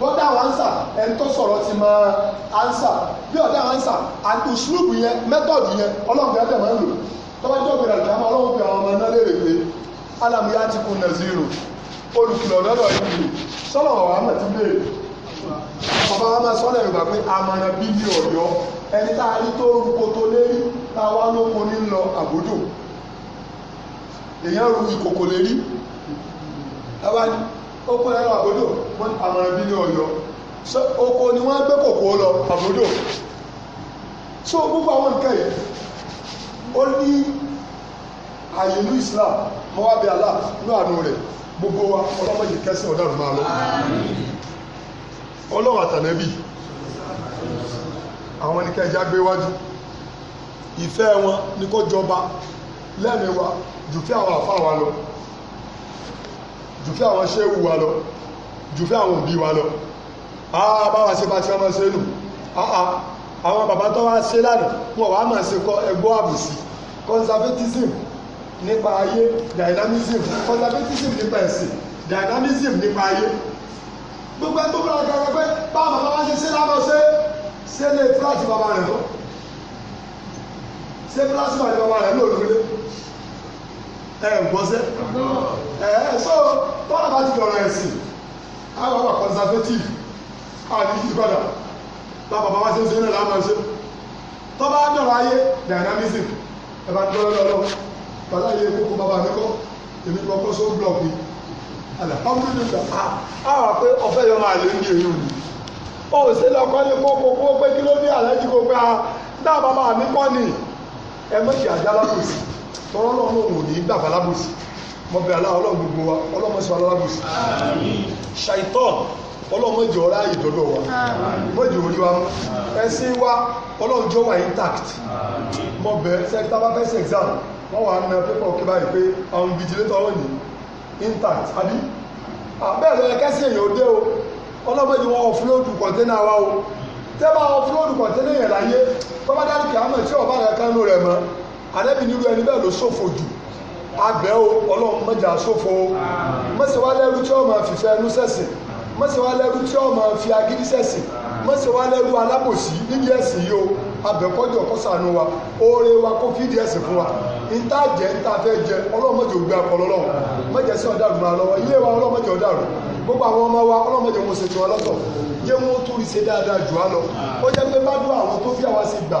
bọ́dà àwọn ansa ẹni tó sọ̀rọ̀ ti máa ansa bí ọ̀dà àti yẹn mẹ́tọ̀dù yẹn ọlọ́run bí ọ̀dà lò tọ́ba jẹ́ òbí ràdìkà máa ọlọ́run bí àwọn ọmọ náà léèrè pé alamuya ti kun olùkìlọ̀ lọ́dọ̀ yìí ti léèrè bàbá wa máa yorùbá pé amọ̀nà ọ̀yọ́ ẹni tá a rí tó tó lérí tá a oko ẹran àbódò wọn àmọ̀ràn bí ní ọ̀yọ́ oko ni wọ́n gbé kòkó lọ àbódò so gbogbo àwọn nǹkan yìí ó ní àyè ní Islam mọ́ wá bí Allah ní àánú rẹ̀ gbogbo wa ọlọ́mọdé kẹsàn ọ̀daràn máa lọ ọlọ́run àtànẹ́bì àwọn ní kẹjá gbé wájú ìfẹ́ wọn ni kó jọba lẹ́mìí wa jù fẹ́ àwọn àfáà wa lọ jù fẹ́ àwọn ṣéwù wa lọ jù fẹ́ àwọn òbí wa lọ àá bá wa ṣe bá tí wọ́n máa ṣe nù àá àwọn bàbá tó wá ṣe lánàá wọn wàá máa ṣe ẹgbọ́ àbùsí conservatism nípa ayé dynamism conservatism nípa ẹ̀sìn dynamism nípa ayé gbogbo ẹ tó bá gbàgbọ́ pé bá bàbá wa ṣe ṣe lánàá ṣe ṣe lè fúláṣí bàbá rẹ̀ lọ ṣe fúláṣí bàbá rẹ̀ lọ lórí ẹ gbọ́sẹ̀ ẹ so tọ́lá bá ti dọ̀rọ̀ ẹ̀sìn àwọn àwọn conservative àti ìpadà bá bàbá wa ṣe ń ṣe náà láwọn ṣe tọ́ bá dọ̀rọ̀ ayé dynamism ẹ bá dọ̀rọ̀ lọ́lọ́ bàtà yẹ kókó bàbá mi kọ́ èmi kọ́ kó so block mi ọ̀fẹ́ yọ máa lè ń di èyí òní lọ́kọ́ ní kókó kó pé kí a dábàá mi kọ́ ni ẹ tọ́rọ náà náà wò ní gbàgbà lábòsí mọ́bẹ̀ aláwọ̀ ọlọ́run gbogbo wa ọlọ́mọsọ alábòsí ṣàìtọ́ ọlọ́mọjọ ọ̀rá ìdọ́dọ̀ wa mọ́jọ orí wa ẹ̀sìn wa ọlọ́njọ́ wà intact mọ́bẹ̀ sẹ́kítàbá fẹ́sẹ̀ exam wọ́n wà ní pépà òkè báyìí pé àwọn vigilator wọ́n ní intact àbí àbẹ́ẹ̀ lọ ẹ̀kẹ́sì èèyàn dé o ọlọ́mọjọ wọn ọ̀fúlóòdù kọ̀ńténà wa o tẹ́ bá ọ̀fúlóòdù kọ̀ńténà yẹn láyé tọ́bádárì kìámẹ̀ tí ọ̀bá rẹ̀ kánú rẹ̀ mọ́ ànábì nílùú ẹni bẹ́ẹ̀ ló ṣòfò jù abẹ́ o ọlọ́run mọ́jà ṣòfò o mọ́sẹ̀wá lẹ́rú tí ọmọ fìfẹ́ ẹnu sẹ̀sìn mọ́sẹ̀wá lẹ́rú tí ọmọ fi agídí sẹ̀sìn mọ́sẹ̀wá lẹ́rú alábòsí níbi ẹ̀sìn yìí o abẹ́kọ́jọ́ kọ́sànù wa oore wa kó fídíì ẹ̀sìn fún wa níta jẹ́ níta fẹ́ jẹ ọlọ́run mọ́jà ògbé akọlọ́ lọ́wọ́ mọ́jà sí ọ̀dàrú máa lọ́wọ́ ilé wa ọlọ́run mọ́jà ọ̀dàrú gbogbo àwọn ọmọ wa ọlọ́run mọ́jà wọn ṣètò ọlọ́tọ̀ jẹ́ wọn ó túrí ṣe dáadáa jù á lọ ó jẹ́ pé bá dún àwọn tó fi àwa sí gbà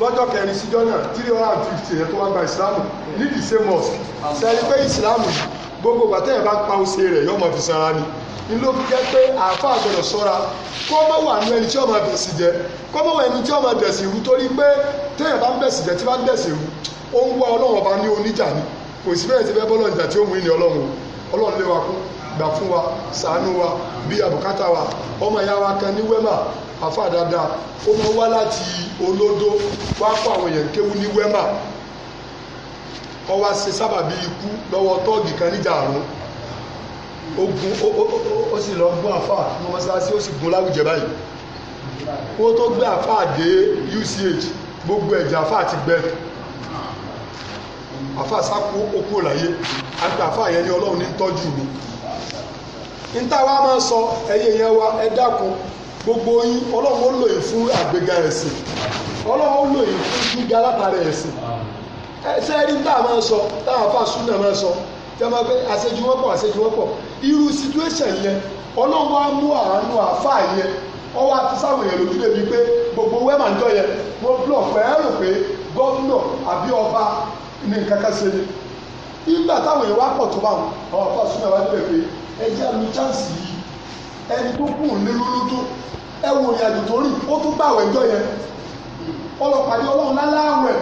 lọ́jọ́ kẹrin síjọ́ náà three hundred and islamu tó wá gba ìsìlámù ní the same mosque sẹ́ni pé ìsìlámù gbogbo bá pa rẹ̀ fi ni ló fi jẹ́ pé àáfàá gbọ́dọ̀ sọ́ra kó ẹni tí ọmọ bẹ̀sì jẹ kó má wà ní ẹni tí ni kò sí bẹ́ẹ̀ ti fẹ́ tí ó mú ní gbà fún wa ṣàánú wa bí àbùkátà wa ọmọ ìyá wa kan ní wẹ́mà àfà dáadáa ó máa wá láti olódó wá kó àwọn èèyàn kéwú ní wẹ́mà ó wá ṣe sábàbí ikú lọ́wọ́ tọ́ọ̀gì kan níjà àrùn ogun ó sì lọ gún àfà ní mọ́ṣáláṣí ó sì gún láwùjẹ báyìí ó tó gbé àfà dé UCH gbogbo ẹ̀jẹ̀ àfà àti gbẹ̀rù àfà sákú ó kúrò láyé àti àfà yẹn ni ọlọ́run ní tọ́jú mi. níta wa máa sọ ẹ̀yin èèyàn wa ẹ dákun gbogbo yín ọlọ́run ó lò yín fún àgbègà ẹ̀sìn ọlọ́run ó lò yín fún gíga látara ẹ̀sìn ṣé ẹni tá máa sọ tá a fà máa sọ tí a máa pé àṣejù wọ́pọ̀ àṣejù wọ́pọ̀ irú situation yẹn ọlọ́run wa mú àánú yẹn sáwọn èèyàn lójú pé gbogbo wẹ́mà ń dọ́yẹ pé gọ́vnọ̀ àbí ọba ní ṣe ni táwọn èèyàn wá pọ̀ tó ẹ jẹ́ àmì chance yìí ẹni tó kù nílùlùdù ẹ wo ìrìnàjò tó rìn ó tún bá àwẹ̀ yẹn ọlọ́pàdé ọlọ́run láláwẹ̀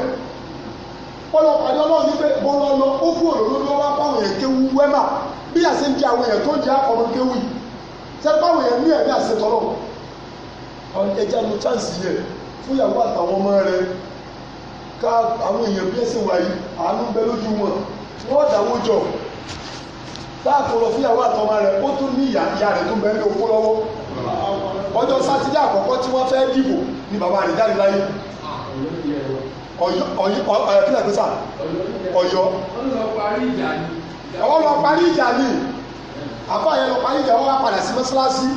ọlọ́pàdé ọlọ́run ní pé bọ́lá lọ ó kú èèyàn kéwu wẹ́mà bí àṣẹ ń àwọn èèyàn tó jẹ ọmọ kéwu yìí ṣe báwọn èèyàn ní ẹ̀mí àṣẹ tọ́lọ̀ ẹ jẹ́ chance yẹn fún ìyàwó àtàwọn ọmọ rẹ ká àwọn èèyàn dáàtọ̀rọ̀ fíyàwó àtọmọ rẹ̀ ó tún ní ìyá ìyá rẹ̀ tó ń bẹ ní okó lọ́wọ́ ọjọ́ sátidé àkọ́kọ́ tí wọ́n fẹ́ dìbò ni bàbá rẹ̀ jáde láyé ọ̀yọ́ pẹ́sà ọ̀yọ́ ọwọ́ lọ parí ìjà ni àbá yẹn lọ parí ìjà wọn wá padà sí mọ́ṣáláṣí.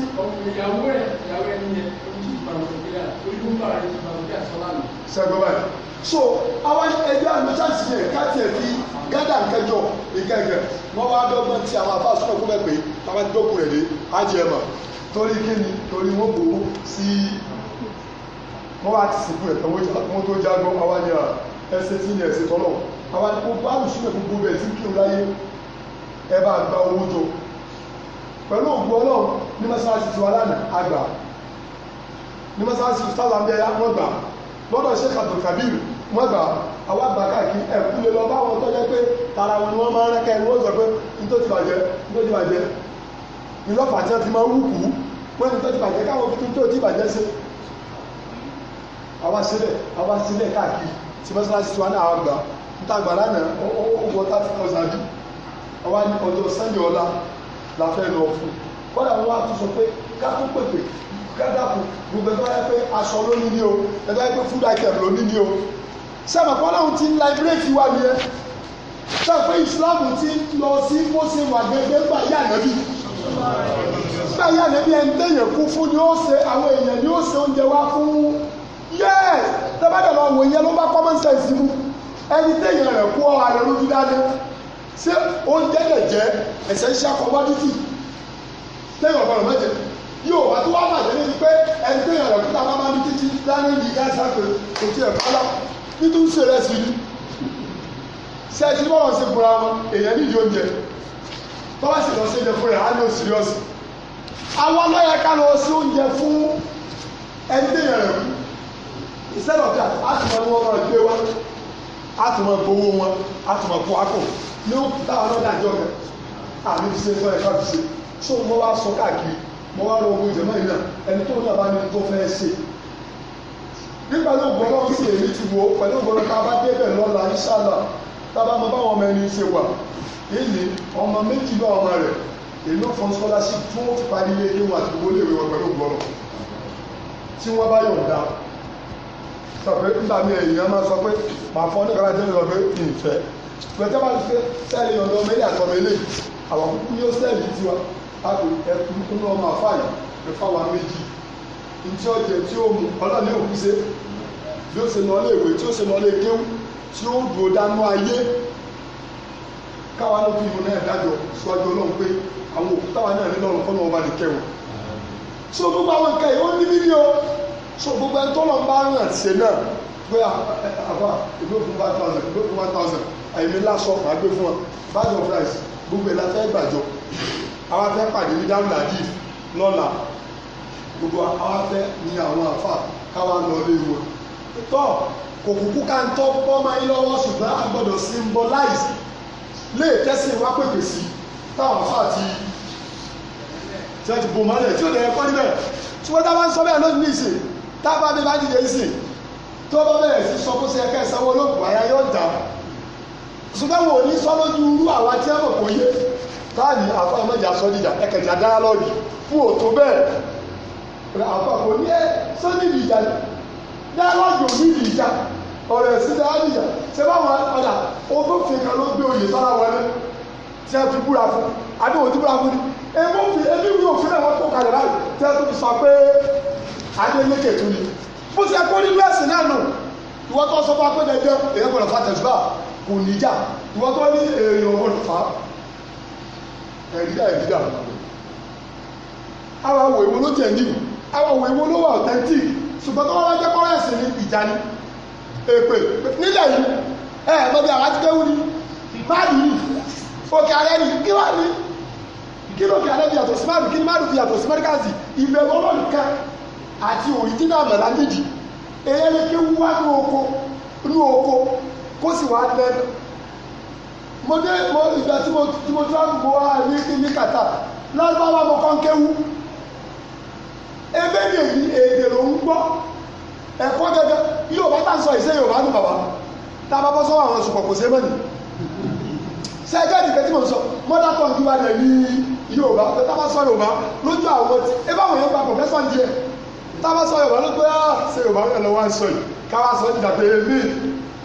ìyàwó ẹ̀ ìyàwó ẹ̀ nìyẹn ó ń jí ìgbàlódé àti olùkọ́ àti ìgbàlódé àti ọlá mi sẹ́gbọ́n báyìí so àwọn ẹgbẹ́ àlùjáde yẹn káàtì ẹ̀ fi gádà nkẹjọ ìkẹkẹ wọn wá dọ́gbọ́n tí àwọn afá sọ́nà kó bẹ́ẹ̀ pé táwọn dọ́kun rẹ̀ dé ájẹ ẹ̀ mọ̀ torí kíni torí wọn kò sí wọn wá ti sìnkú ẹ̀ wọn tó jágbọ́ àwọn ni ẹsẹ̀ tí ní ẹsẹ̀ tọ́lọ̀ àwọn gbogbo àlùsùn ẹ̀ gbogbo ẹ̀ tí kí n láyé ẹ bá gba owó jọ pẹ̀lú ògbó ọlọ́run ní mọ́sálásí tiwa lánàá àgbà ní mọ́sálásí tálàmbíyá wọn gbà lọ́dọ̀ Sheikh Abdulkabir wọ́n gbà àwọn àgbà káàkiri ẹ̀kú lè lọ báwọn tó pé tara wọn ni wọ́n máa ń rẹ́kẹ́ ni wọ́n sọ pé ní bàjẹ́ ní bàjẹ́ ìlọ́pàá tí wọ́n ti máa ń wùkú bàjẹ́ káwọn fi bàjẹ́ sí àwa sílẹ̀ àwa sílẹ̀ káàkiri tí mọ́sálásí tí wọ́n náà kádàpù gbogbo ẹgbẹ́ yẹ pé aṣọ ló ní ní o ẹgbẹ́ yẹ pé food item ló ní ní o sẹ́mi pọ́n náà ti ń la ilé fi wá nìyẹn sẹ́mi pé Islam ti ń lọ sí bó ṣe wà gẹ́gẹ́ gbà yà nẹ́bí gbà yà nẹ́bí ẹni tẹ̀yẹ̀ kú fún ni ó ṣe àwọn èèyàn ni ó ṣe oúnjẹ wá fún yẹ́ẹ̀ tẹ́bàdàn lọ wòye ló bá common sense mu ẹni tẹ̀yẹ̀ rẹ̀ kú ọ àrẹ̀lójú dáadé ṣé oúnjẹ lè jẹ́ essential commodity tẹ́yẹ̀ ọ̀gbọ̀n mẹ́jẹ̀ẹ́ yóò wá tó wá bàjẹ́ níbi pé ẹni tó yàn lọ́kùnrin àwọn máa ń títí dání ní gáàsà pé kò tiẹ̀ kọ́lá nítorí sèré sí ni sẹ́ẹ̀tì bọ́lá ń ṣe fúnra wọn èèyàn nídìí oúnjẹ bọ́lá sì lọ sí oúnjẹ fúnra á lò síríọ́sì àwọn lọ́yẹ ká lọ sí oúnjẹ fún ẹni tó yàn lọ́kùnrin instead of that a tún máa mú ọmọ rẹ̀ gbé wá a tún máa gbowó wọn a tún máa kó akọ ní ó dáwọn náà dájọ́ rẹ̀ àbí fi ṣe fún ẹ̀ ká fi ṣe so mo wá sọ káàkiri mo wá lọ ogun ìjọba yìí náà ẹni tó náà bá ní tó fẹ́ ṣe nígbà náà gbọ́dọ̀ kí ni èyí ti wo pẹ̀lú gbọ́dọ̀ tá a bá débẹ̀ lọ́la ìṣàlà tá a bá mọ báwọn ọmọ ẹni ṣe wà èyí ọmọ méjì náà ọmọ rẹ̀ èyí ló fọn scholarship tí wọ́n ti parí ilé ìwọ̀n àti gbogbo ilé ìwọ̀n pẹ̀lú gbọ́dọ̀ tí wọ́n bá yọ̀ǹda sọ̀pẹ́ nígbà mi èèyàn máa sọ pé màá fọ́ nígbà tí wọ́n sọ pé ìfẹ́ pẹ̀tẹ́ bá ti fẹ́ sẹ́ẹ̀lì ọ̀dọ́ mẹ́lẹ̀ àtọ́mẹ́lẹ̀ àwọn kúkú yóò sẹ́ẹ̀lì tiwa tàbí é tudo normal àfáàyè ẹ̀fà wa méjì ntí ọjẹ tí ó mú ọlọ́ọ̀ni òkú ṣe bí ó ṣe lọ lé ìwé o ó ṣe lọ lé kéwù tí ó dùn ó dánú ayé káwa ló fi ìmúná ìdájọ síwájú ọlọ́run pé àwọn òkúta wa náà nílọ́run kọ́ lọ́wọ́ bá lè kẹwù. so gbogbo àwọn nǹkan yìí ó ní bíbí o so gbogbo ẹni tó lọ bá ràn ṣe náà pé àbá ìgbé fún one thousand ìgbé fún one thousand àyèmí lásán àgbé fún ọ bag of rice gbogbo ẹ̀ la fẹ́ gbàjọ àwọn afẹ́ pàdé ní dáhùn dàdí lọ́la gbogbo àwọn afẹ́ ní àwọn àfà káwa lọ lé wọn tọ́ kò kúkú ká ń tọ́ bọ́ máa ń lọ́wọ́ ṣùgbọ́n a gbọ́dọ̀ symbolize lè tẹ́sí wá pèpè sí táwọn àfà ti tẹ́ ti bò mọ́lẹ̀ tí ó lè kọ́ níbẹ̀ tí wọ́n dábàá ń sọ bẹ́ẹ̀ lónìí nìsín tábà bí bá dìde nìsín tó bá bẹ̀rẹ̀ sí sọ kó sí ẹ̀kẹ́ ìsanwó olóògùn ara yóò dà ṣùgbọ́n wo ní sọ lójú irú àwa tí ẹ táàmì àfa ọmọdé asọ́dìjà ẹ̀kẹ̀jà dáálọ́ọ̀gì fún òtó bẹ́ẹ̀ àfa kò ní ẹ sọ́dìjì ìjà dáálọ́ọ̀gì òní ìdì ìjà ọ̀rọ̀ ẹ̀sìn dáálọ́ọ̀gì ìjà ṣé báwọn padà olófin kan ló gbé oyè sára wọlé tí a ti búra fún adéwò ti búra fún ni èmi ò fi èmi ìwé òfin náà wọ́n tó kalẹ̀ láàyè tí a tó fi sọ pé adélékè tó ni bó ṣe kó nínú ẹ̀sìn náà nù ìwọ́n tó sọ fún akpẹ́dẹ́gbẹ́ èyí kò lọ fà tẹ̀síwá kò níjà ìwọ́n tó ní èèyàn ò gbọ́dọ̀ fà á ẹ̀rí ẹ̀rí dà àwọn àwọ̀ èwo ló tẹ̀ ní àwọn àwọ̀ èwo ló wà authentic ṣùgbọ́n tó wọ́n jẹ́ kọ́ ẹ̀sìn ní ìjà ni èpè nílẹ̀ yìí ẹ̀ ẹ̀ lọ́bi àwọn atikẹ́wù ni máàlù yìí òkè alẹ́ ni kí wàá ní kí lókè alẹ́ fi yàtọ̀ sí máàlù kí ni máàlù fi yàtọ̀ sí mẹ́ríkàsì ìbẹ̀ mọ́lọ́nìkan àti òrìjínà àmàlà méjì èyẹ́ ni kí wá ní oko ní oko kó sì wá lẹ́nu mo dé mo ìgbà tí mo tí mo tí wọ́n gbọ́ ní ní kàtà lárúbáwá mo kàn kéwú ebe ní èyí èdè ló ń gbọ́ ẹ̀kọ́ gẹ́gẹ́ Yorùbá tá à ń sọ ìṣe Yorùbá nù bàbá tá a bá bọ́ sọ́wọ́ àwọn oṣù kọ̀ọ̀kọ̀ sí mọ́ni sẹ́jọ́ ìdìbẹ́ tí mo sọ mọ́tà kan kí wà lẹ̀ ní Yorùbá pé tá a bá sọ Yorùbá lójú àwọn tí ẹ bá wọ̀nyẹn gba pọ̀fẹ́sọ̀ díẹ̀ tá a bá sọ Yorùbá ló pé ah, ṣe Yorùbá lọ́wọ́ à ń sọ yìí ká wá sọ ìdàgbé mi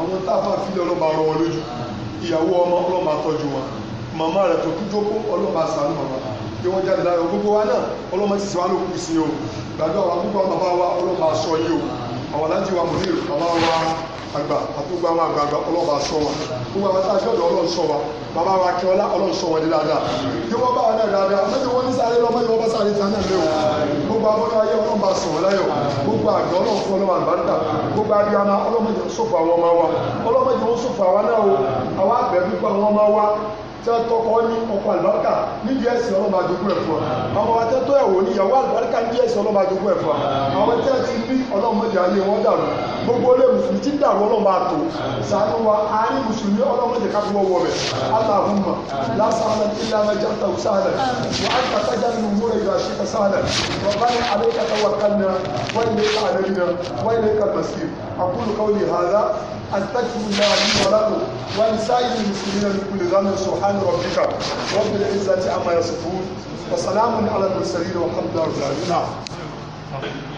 àwọn táfà fílẹ̀ ọlọ́mà rọ wọn lójú ìyàwó ọmọ ọlọ́mà tọ́jú wọn màmá rẹ̀ tó tún jókòó ọlọ́mà sàánú màmá bí wọ́n jáde láyọ̀ gbogbo wa náà ọlọ́mà ti sọ wá lókùn sí o gbàgbọ́ àwọn gbogbo àwọn bàbá wa ọlọ́mà sọ yìí o àwàlájì wa mùdíl ọlọ́wà àgbà àtúgbà wa àgbààgbà ọlọ́ba sọ wa gbogbo àwọn tá a jọ́dọ̀ ọlọ́run sọ wa bàbá wa kí ọlá ọlọ́run sọ wa ní dáadáa yóò wọ́n bá wa náà dáadáa mẹ́jọ wọ́n ní sáré lọ́mọ yóò wọ́n bá sáré tán náà lẹ́wọ̀ gbogbo àwọn ayé ọlọ́run bá sọ̀rọ̀ láyọ̀ gbogbo àgbà ọlọ́run fún ọlọ́run àbáńdà gbogbo abiyamọ ọlọ́mọdé ń sòfò àwọn ọmọ wa ọlọ́mọdé ń sòfò àwa náà o àwa àbẹ̀ tí wọ́n tọkọ ní ọkọ àlùbáríkà níbi ẹ̀sìn ọlọ́mà àjogú ẹ̀ fún ọ àwọn ọmọ tẹ́tọ́ ẹ̀ wò ní ìyàwó àlùbáríkà níbi ẹ̀sìn ọlọ́mà àjogú ẹ̀ fún ọ àwọn tẹ́ ti bí ọlọ́mọdé ayé wọn dàrú gbogbo ilé mùsùlùmí ti dàrú ọlọ́mà àtò sànú wa àárín mùsùlùmí ọlọ́mọdé káfí wọ́wọ́ rẹ̀ aláhùnmá lásàánà ìlànà jàǹtà sàánà wà á kàtà jáde nù múlẹ̀ ìlú ní alẹ́ أستغفر الله لي ولكم ولسائر المسلمين من كل ذنب سبحان ربك رب العزة عما يصفون وسلام على المرسلين والحمد لله رب العالمين